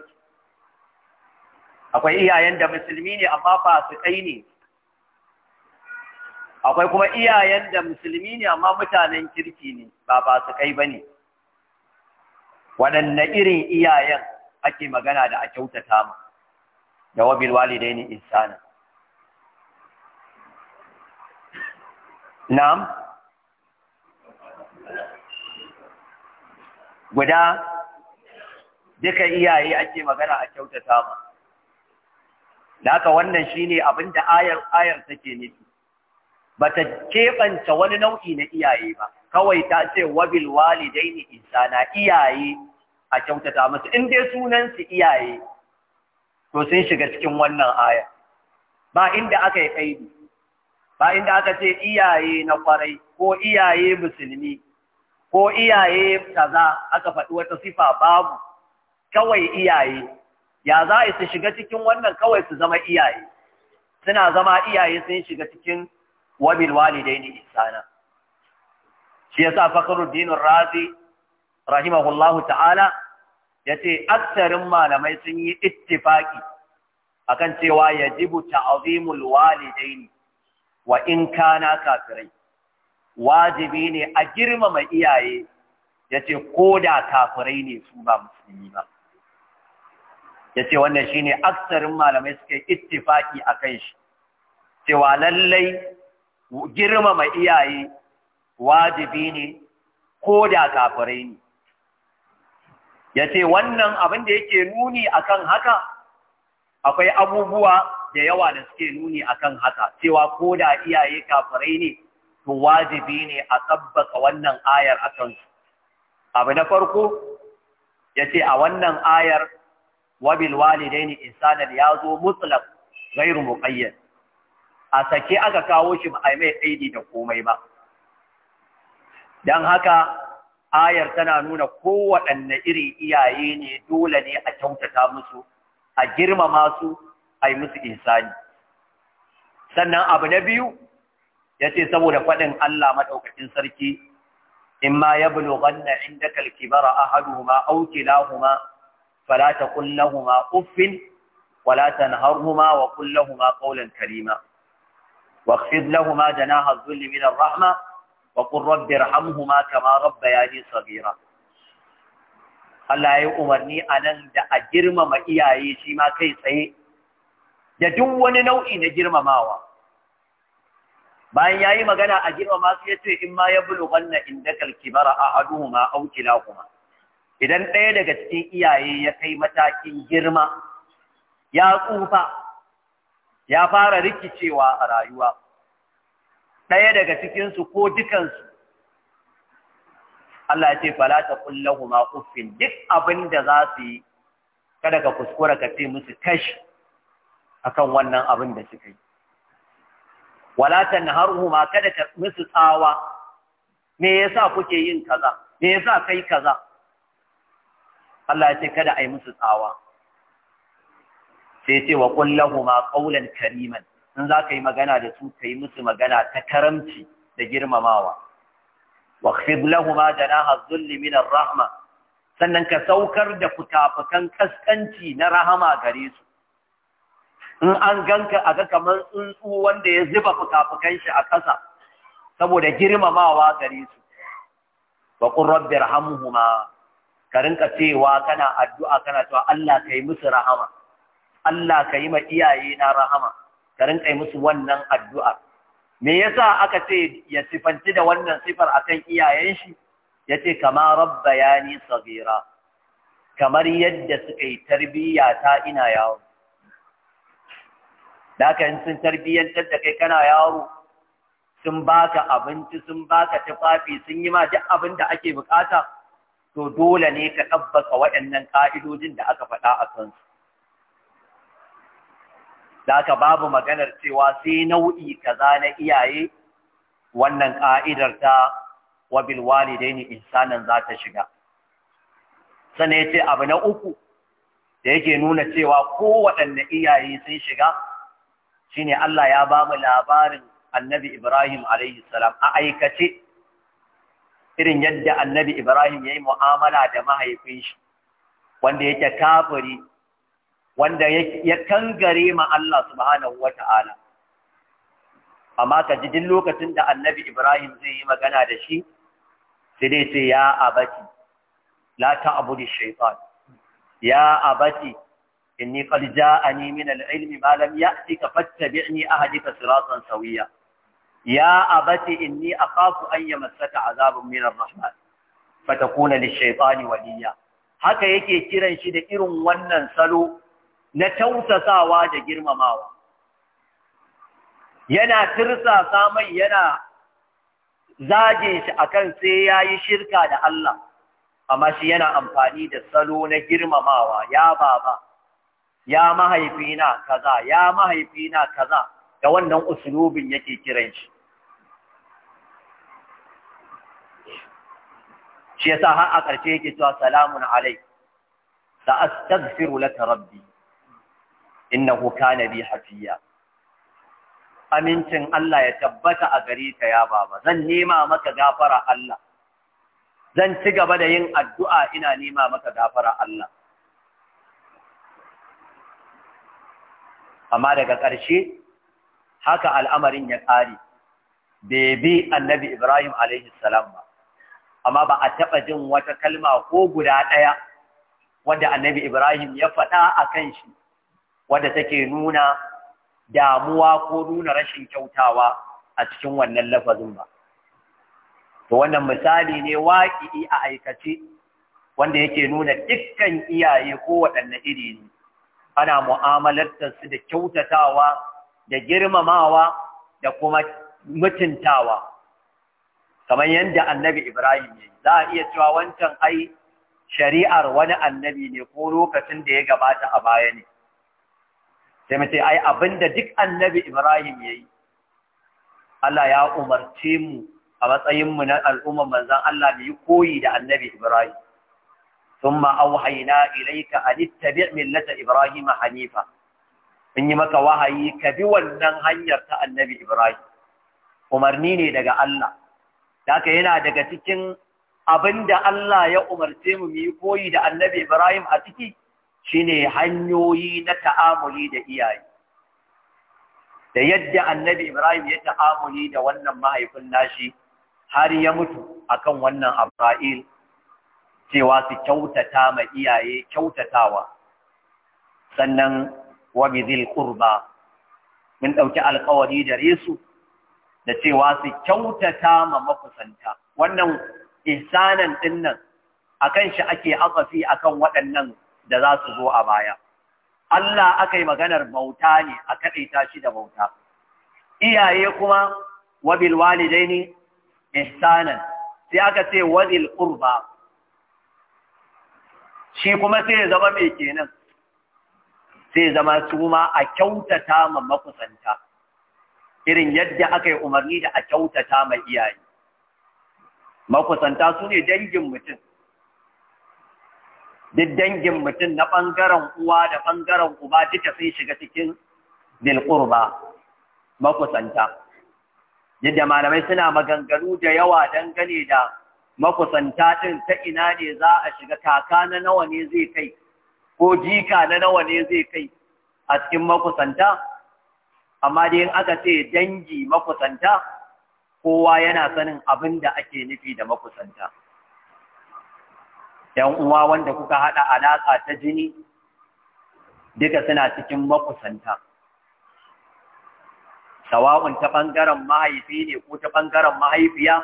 akwai iyayen da musulmi ne amma fasikai ne akwai kuma iyayen da musulmi ne amma mutanen kirki ne ba ba su kai ba ne waɗanne irin iyayen ake magana da a kyautata ma da wabil walidai ne insana na guda duka iyaye ake magana a kyautata ma da haka wannan ne abin da ayar ayar take nufi bata keɓanta wani nau'i na iyaye ba kawai ta ce wabil walidaini insana iyaye a kyautata musu in dai sunan su iyaye to sun shiga cikin wannan aya ba inda aka yi kaidi ba inda aka ce iyaye na kwarai ko iyaye musulmi ko iyaye kaza aka faɗi wata sifa babu kawai iyaye ya za su shiga cikin wannan kawai su zama iyaye suna zama iyaye sun shiga cikin wa bil walidaini ihsana shi yasa Fakhruddin Razi rahimahullahu ta'ala yace aksarin malamai sun yi ittifaki akan cewa yajibu ta'zimul walidaini wa inkana kana kafirai wajibi ne a girmama iyaye yace da kafirai ne su ba musulmi ba yace wannan shine aksarin malamai suka suke ittifaki kan shi cewa lallai girmama iyaye wajibi ne ko da kafirai ne ya ce wannan abin da yake nuni akan haka akwai abubuwa da yawa da suke nuni akan haka cewa ko da iyaye kafirai ne to wajibi ne a tsabbaka wannan ayar a kansu abu na farko ya ce a wannan ayar wabil ne insanar ya zo mutlaq gairu muqayyad a sake aka kawo shi ba a mai tsaidi da komai ba don haka ayar tana nuna kowaɗanne iri iyaye ne dole ne a kyautata musu a girmama su a yi musu insani sannan abu na biyu ya ce saboda faɗin Allah maɗaukacin sarki in ma ya bulo bulughanna indaka al-kibara ahaduhuma aw kilahuma fala taqul lahumā uffin wala tanharhumā wa ƙullahuma lahumā qawlan Karima. واخفض لهما جناح الذل من الرحمة وقل رب ارحمهما كما ربياني صغيرا Allah ya umarni a nan da a girmama iyaye shi ma kai tsaye da duk wani nau'i na girmamawa. Bayan ya yi magana a girmama su ya ce in ma ya bulu wannan inda kalkibara a aduhuma aukila kuma. Idan ɗaya daga cikin iyaye ya kai matakin girma, ya tsufa ya fara rikicewa a rayuwa ɗaya daga cikinsu ko dukansu Allah ya ce fala ta kullahu ma duk abin da za su yi kada ka kuskura ka ce musu kashi a kan wannan abin da suka yi wala tanharhuma kada ka musu tsawa me yasa kuke yin kaza me yasa kai kaza Allah ya ce kada a yi musu tsawa sai ce wa kullahu ma qaulan kariman in za ka yi magana da su ka yi musu magana ta karamci da girmamawa lahum ma janaha dhulli min ar-rahma sannan ka saukar da kutafukan kaskanci na rahama gare su in an ganka aga kamar tsuntsu wanda ya zuba fukafukan shi a ƙasa saboda girmamawa gare su wa qur rabbirhamhuma ka rinka cewa kana addu'a kana cewa Allah kai musu rahama Allah ka yi ma iyaye na rahama ka rinka yi musu wannan addu'a me yasa aka ce ya sifanci da wannan sifar a kan iyayen shi Ya yace kama ni saghira kamar yadda suka yi tarbiyya ta ina yawo da aka yi sun tarbiyyantar da kai kana yaro sun baka abinci sun baka tufafi sun yi ma duk abin da ake bukata to dole ne ka tabbaka waɗannan ƙa’idojin da aka faɗa a kansu da babu maganar cewa sai nau'i kaza na iyaye wannan ka'idar ta wa bil walidaini ihsanan za ta shiga sannan yace abu na uku da yake nuna cewa kowaɗanne iyaye sun shiga shine Allah ya ba mu labarin Annabi Ibrahim alaihi salam a aikace irin yadda Annabi Ibrahim yayi mu'amala da mahaifin shi wanda yake kafiri wanda ya kangare ma Allah subhanahu ta'ala amma ka ji duk lokacin da annabi Ibrahim zai yi magana da shi sai dai ce ya abati la ta'budu shaytan ya abati inni qad ja'ani min al-ilmi ma lam ya'tika fattabi'ni ahdika siratan sawiyya ya abati inni akhafu an yamassaka azabun min ar-rahman fatakuna lish-shaytani waliya haka yake kiran shi da irin wannan salo na tausasawa da girmamawa yana tirsasa mai yana zage shi akan sai yayi shirka da Allah amma shi yana amfani da salo na girmamawa ya baba ya mahaifina kaza ya mahaifina kaza da wannan usulubin yake kiran shi shi ya sa har a ƙarshe yake cewa salamun alai sa astaghfiru laka rabbi innahu kana bi hafiya amincin Allah ya tabbata a gare ka ya baba zan nema maka gafara Allah zan ci gaba da yin addu'a ina nema maka gafara Allah amma daga ƙarshe haka al'amarin ya ƙare bai bi annabi Ibrahim alaihi salam ba amma ba a taɓa jin wata kalma ko guda ɗaya wanda annabi Ibrahim ya faɗa a kan shi wadda take nuna damuwa ko nuna rashin kyautawa a cikin wannan lafazin ba to wannan misali ne waƙi a aikace wanda yake nuna dukkan iyaye ko waɗanne iri ne ana mu'amalartar su da kyautatawa da girmamawa da kuma mutuntawa kamar yadda annabi Ibrahim ne za a iya cewa wancan ai shari'ar wani annabi ne ko lokacin da ya gabata a baya ne sai mace ai abinda duk annabi Ibrahim yayi Allah ya umarce mu a matsayin mu na al'umma manzan Allah mu yi koyi da annabi Ibrahim thumma auhaina ilaika a ittabi' millata Ibrahim hanifa in yi maka wahayi ka bi wannan hanyar ta annabi Ibrahim umarni ne daga Allah haka yana daga cikin abinda Allah ya umarce mu mu yi koyi da annabi Ibrahim a ciki shine hanyoyi na ta'amuli da iyaye da yadda annabi Ibrahim ya ta'amuli da wannan mahaifin nashi har ya mutu akan wannan Abra'il cewa su kyautata ma iyaye kyautatawa sannan wa bizil qurba mun ɗauki alƙawari da resu da cewa su kyautata ma makusanta wannan ihsanan dinnan akan shi ake azafi akan waɗannan da za su zo a baya Allah aka yi maganar bauta ne a kaɗaita shi da bauta iyaye kuma wabil ne ihsanan sai aka ce wabil ƙurba. shi kuma sai ya zama mai kenan sai zama su ma a kyautata ma makusanta irin yadda aka yi umarni da a kyautata ma iyaye makusanta su ne dangin mutum duk dangin mutum na ɓangaren uwa da ɓangaren uba duka sai shiga cikin bilƙurba makusanta. Yadda malamai suna maganganu da yawa dangane da makusanta ɗin ta ina ne za a shiga kaka na nawa ne zai kai, ko jika na nawa ne zai kai a cikin makusanta, amma dai aka ce dangi makusanta, kowa yana sanin abin da ake nufi da makusanta. ‘yan uwa wanda kuka haɗa alaƙa ta jini, duka suna cikin makusanta. Sawa'un ta ɓangaren mahaifi ne ko ta ɓangaren mahaifiya,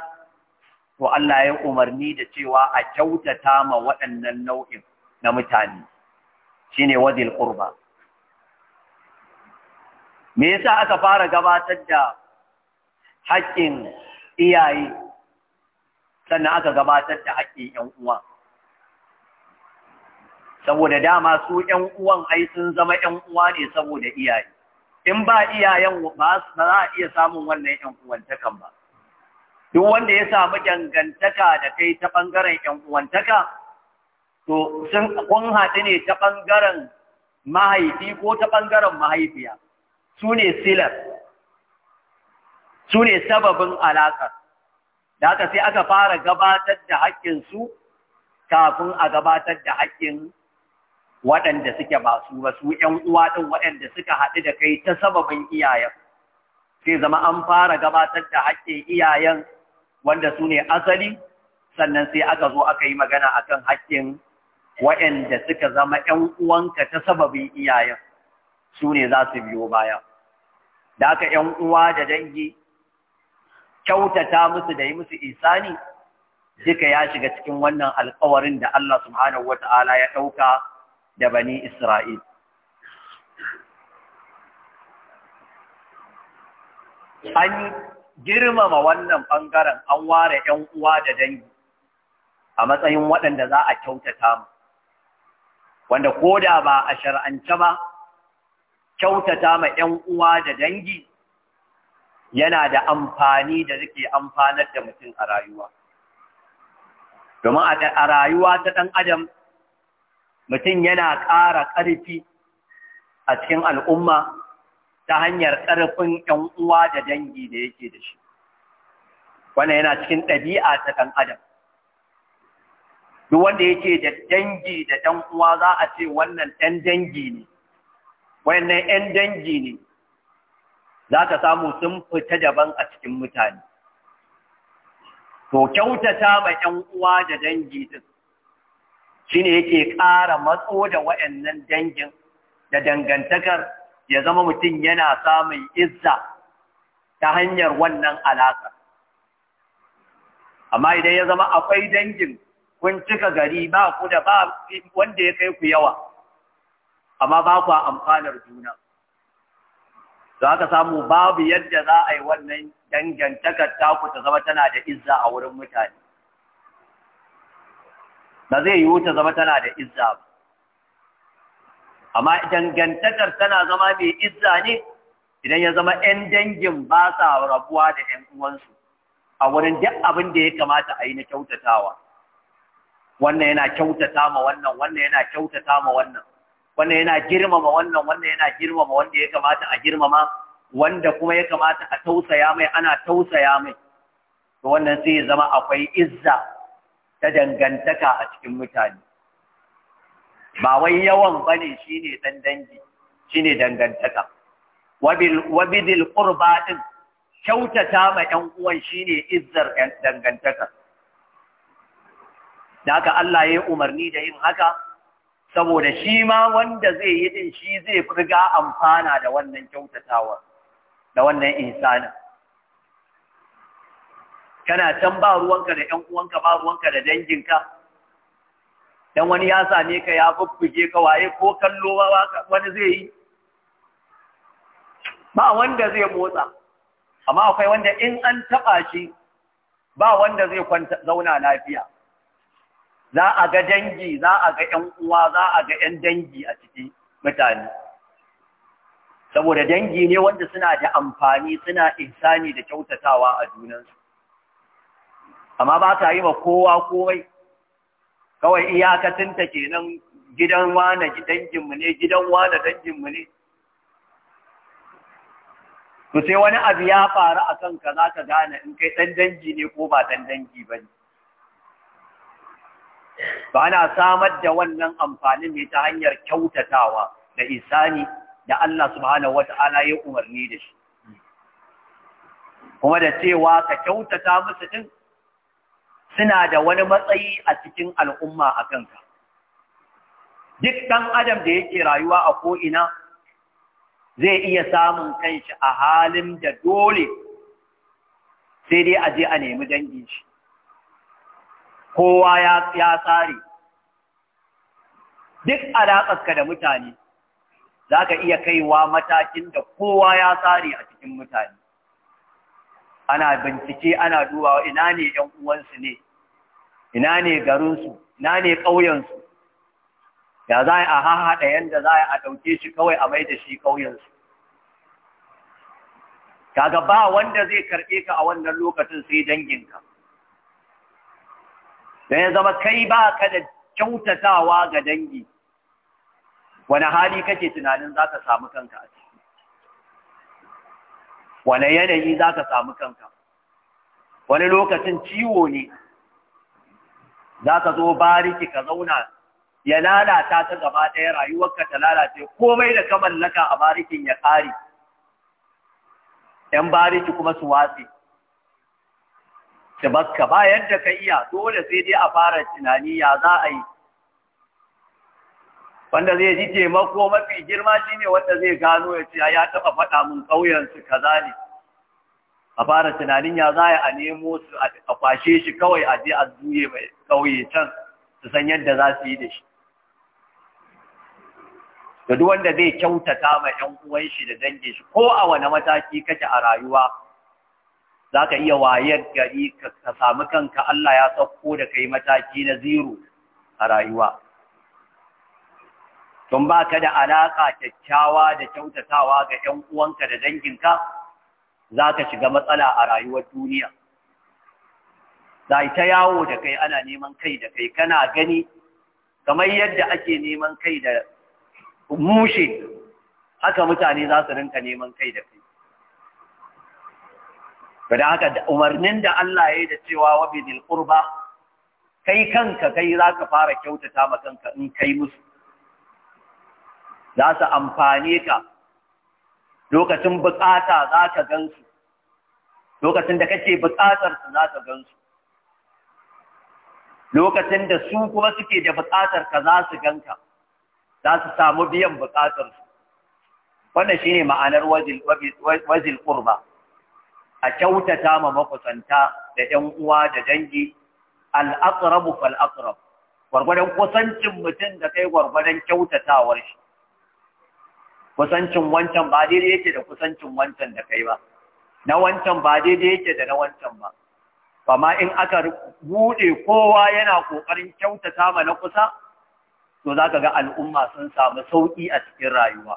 to Allah ya umarni da cewa a kyautata ma waɗannan nau'in na mutane, shi ne wazil ƙurba. Me yasa aka fara gabatar da haƙƙin iyaye, sannan aka gabatar da haƙƙin ‘yan uwa’? saboda dama su ƴan uwan ai sun zama ƴan uwa ne saboda iyaye in ba iyayen ba za a iya samun wannan ƴan uwantakan ba duk wanda ya samu dangantaka da kai ta bangaren ƴan uwantaka to sun kun haɗu ne ta bangaren mahaifi ko ta bangaren mahaifiya su ne silar su ne sababin alaƙa, da haka sai aka fara gabatar da haƙƙinsu kafin a gabatar da haƙƙin waɗanda suke ba su ba su uwa ɗin waɗanda suka haɗu da kai ta sababin iyayen sai zama an fara gabatar da haƙƙin iyayen wanda su ne asali sannan sai aka zo aka yi magana akan haƙƙin waɗanda suka zama ‘yan uwanka ta sababin iyayen su ne za su biyo baya da aka ‘yan uwa da dangi kyautata musu da yi musu isani duka ya shiga cikin wannan alƙawarin da Allah subhanahu wata'ala ya ɗauka da bani Isra'il. An girmama wannan ɓangaren an ware ‘yan uwa da dangi a matsayin waɗanda za a kyautata mu, wanda ko da ba a shar'ance ba, kyautata ma ‘yan uwa da dangi yana da amfani da suke amfanar da mutum a rayuwa. Domin a rayuwa ta ɗan adam mutum yana ƙara ƙarfi a cikin al'umma ta hanyar ƙarfin ‘yan uwa da dangi da yake da shi. wanda yana cikin ɗabi'a ta ɗan adam. Duk wanda yake da dangi da ɗan uwa za a ce wannan ɗan dangi ne, wannan ‘yan dangi ne, za ka samu sun fita daban a cikin mutane. To, kyautata ma ‘yan uwa da dangi din. shine yake ƙara matso da waɗannan dangin da dangantakar ya zama mutum yana samun izza ta hanyar wannan alaƙa. Amma idan ya zama akwai dangin kun cika gari ba ku da ba wanda ya kai ku yawa, amma ba ku amfanar juna. Za ka samu babu yadda za a yi wannan dangantakar taku ta zama tana da izza a wurin mutane. ba zai yiwu ta zama tana da izza ba amma dangantakar tana zama mai izza ne idan ya zama 'yan dangin ba sa rabuwa da 'yan uwansu a wurin duk abin da ya kamata a yi na kyautatawa wannan yana kyautata ma wannan wannan yana kyautata ma wannan wannan yana girmama wannan wannan yana girmama wanda ya kamata a girmama wanda kuma ya kamata a tausaya mai ana tausaya mai to wannan sai ya zama akwai izza ta dangantaka a cikin mutane ba wai yawan ba ne shi ne ɗan dangi ne dangantaka wabil wabidil ƙurba ɗin, kyautata ma 'yan uwan ne izzar dangantaka da haka Allah ya umarni da yin haka saboda shi ma wanda zai yi din shi zai riga amfana da wannan kyautatawa da wannan insanin. kana can ba ruwanka da ƴan uwanka ba ruwanka da danginka dan wani ya same ka ya bubbuge ka waye ko kallo wani zai yi ba wanda zai motsa amma akwai wanda in an taba shi ba wanda zai zauna lafiya za a ga dangi za a ga ƴan uwa za a ga ƴan dangi a cikin mutane saboda dangi ne wanda suna da amfani suna insani da kyautatawa a junansu amma ba ta yi ma kowa komai kawai iyakacinta nan gidan wane danginmu ne gidan wane danginmu ne to sai wani abu ya faru a kanka za ka gane in kai ɗan dangi ne ko ba ɗan dangi ba ne ba na samar da wannan amfani ne ta hanyar kyautatawa da isani da Allah subhanahu Ta'ala ya umarni da shi kuma da cewa ka kyautata musu din suna da wani matsayi a cikin al'umma a kanka duk ɗan adam da yake rayuwa a ko'ina zai iya samun kanshi a halin da dole sai dai a je a nemi dangin shi kowa ya tsari duk alaƙarka da mutane za ka iya kaiwa matakin da kowa ya tsari a cikin mutane ana bincike ana duwa ina ne ‘yan uwansu ne ina ne garinsu ina ne ƙauyensu ya za a yadda za a ɗauke shi kawai a mai da shi ƙauyensu kaga ba wanda zai karɓe ka a wannan lokacin sai danginka Da ya zama kai ba ka da kyautatawa ga dangi wani hali kake tunanin za ka samu kanka a ciki wani yanayi za ka samu kanka wani lokacin ciwo ne za ka zo bariki ka zauna ya lalata ta gaba ɗaya rayuwarka ta lalace komai da ka mallaka a barikin ya ƙare ‘yan bariki kuma su watse ta baska, ba yadda ka iya dole sai dai a fara tunani ya za a yi wanda zai ji taimako mafi girma shine wanda zai gano ya ce ya taɓa faɗa mun ƙauyensu ka ne a fara tunanin ya za a nemo su a kwashe shi kawai a je a zuye mai kauye can su san yadda za su yi da shi da duk wanda zai kyautata ma 'yan uwan shi da dangin shi ko a wane mataki kake a rayuwa za ka iya wayar gari ka sami kanka Allah ya sauko da kai mataki na ziro a rayuwa Tun ba ka da alaƙa kyakkyawa da kyautatawa ga 'yan uwanka da danginka za ka shiga matsala a rayuwar duniya za ta yawo da kai ana neman kai da kai kana gani kamar yadda ake neman kai da mushe haka mutane za su rinka neman kai da kai bada haka umarnin da Allah ya yi da cewa wabi dil qurba kai kanka kai za ka fara kyautata ma kanka in kai musu za su amfane ka lokacin bukata za ka gansu lokacin da kake bukatar su za ka gansu lokacin da su kuma suke da bukatar ka za su ganka za su samu biyan bukatar su shi ne ma'anar wazil ƙurba a kyautata ma makusanta da 'yan uwa da dangi al-aqrabu gwargwadon kusancin mutum da kai gwargwadon kyautatawar shi kusancin wancan ba daidai yake da kusancin wancan da kai ba na wancan ba daidai yake da na wancan ba amma in aka bude kowa yana kokarin kyautata ma na kusa to zaka ga al'umma sun samu sauki a cikin rayuwa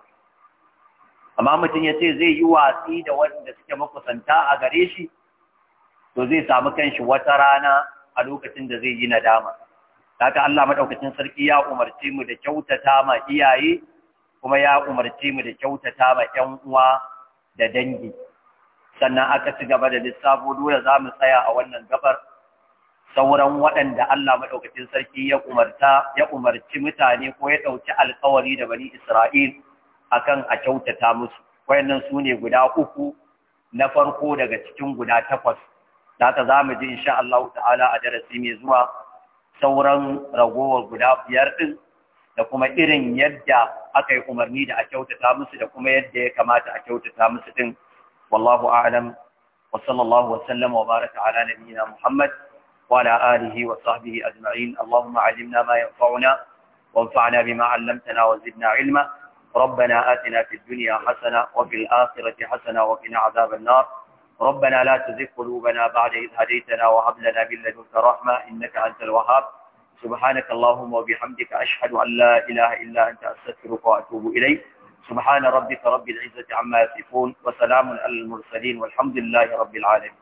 amma mutum ya ce zai yi watsi da wanda suke makusanta a gare shi to zai samu kanshi wata rana a lokacin da zai yi nadama haka Allah madaukakin sarki ya umarce mu da kyautata ma iyaye kuma ya umarci mu da kyautata ma 'yan uwa da dangi sannan aka ci gaba da lissafo dole za mu tsaya a wannan gabar sauran waɗanda Allah maɗaukacin sarki ya umarta ya umarci mutane ko ya ɗauki alkawari da bani Isra'il akan a kyautata musu wayannan su ne guda uku na farko daga cikin guda takwas da haka za mu ji insha Allah ta'ala a darasi mai zuwa sauran ragowar guda biyar ɗin da kuma irin yadda aka yi umarni da a kyautata musu da kuma yadda ya kamata a kyautata musu din wallahu a'lam wa sallallahu wa sallama wa baraka ala nabiyyina muhammad wa ala alihi wa sahbihi ajma'in allahumma allimna ma yanfa'una wanfa'na bima 'allamtana wa zidna ilma ربنا آتنا في الدنيا حسنة وفي الآخرة حسنة وقنا عذاب النار ربنا لا تزغ قلوبنا بعد إذ هديتنا وهب لنا من لدنك رحمة إنك أنت الوهاب سبحانك اللهم وبحمدك أشهد أن لا إله إلا أنت أستغفرك وأتوب إليك سبحان ربك رب العزة عما يصفون وسلام على المرسلين والحمد لله رب العالمين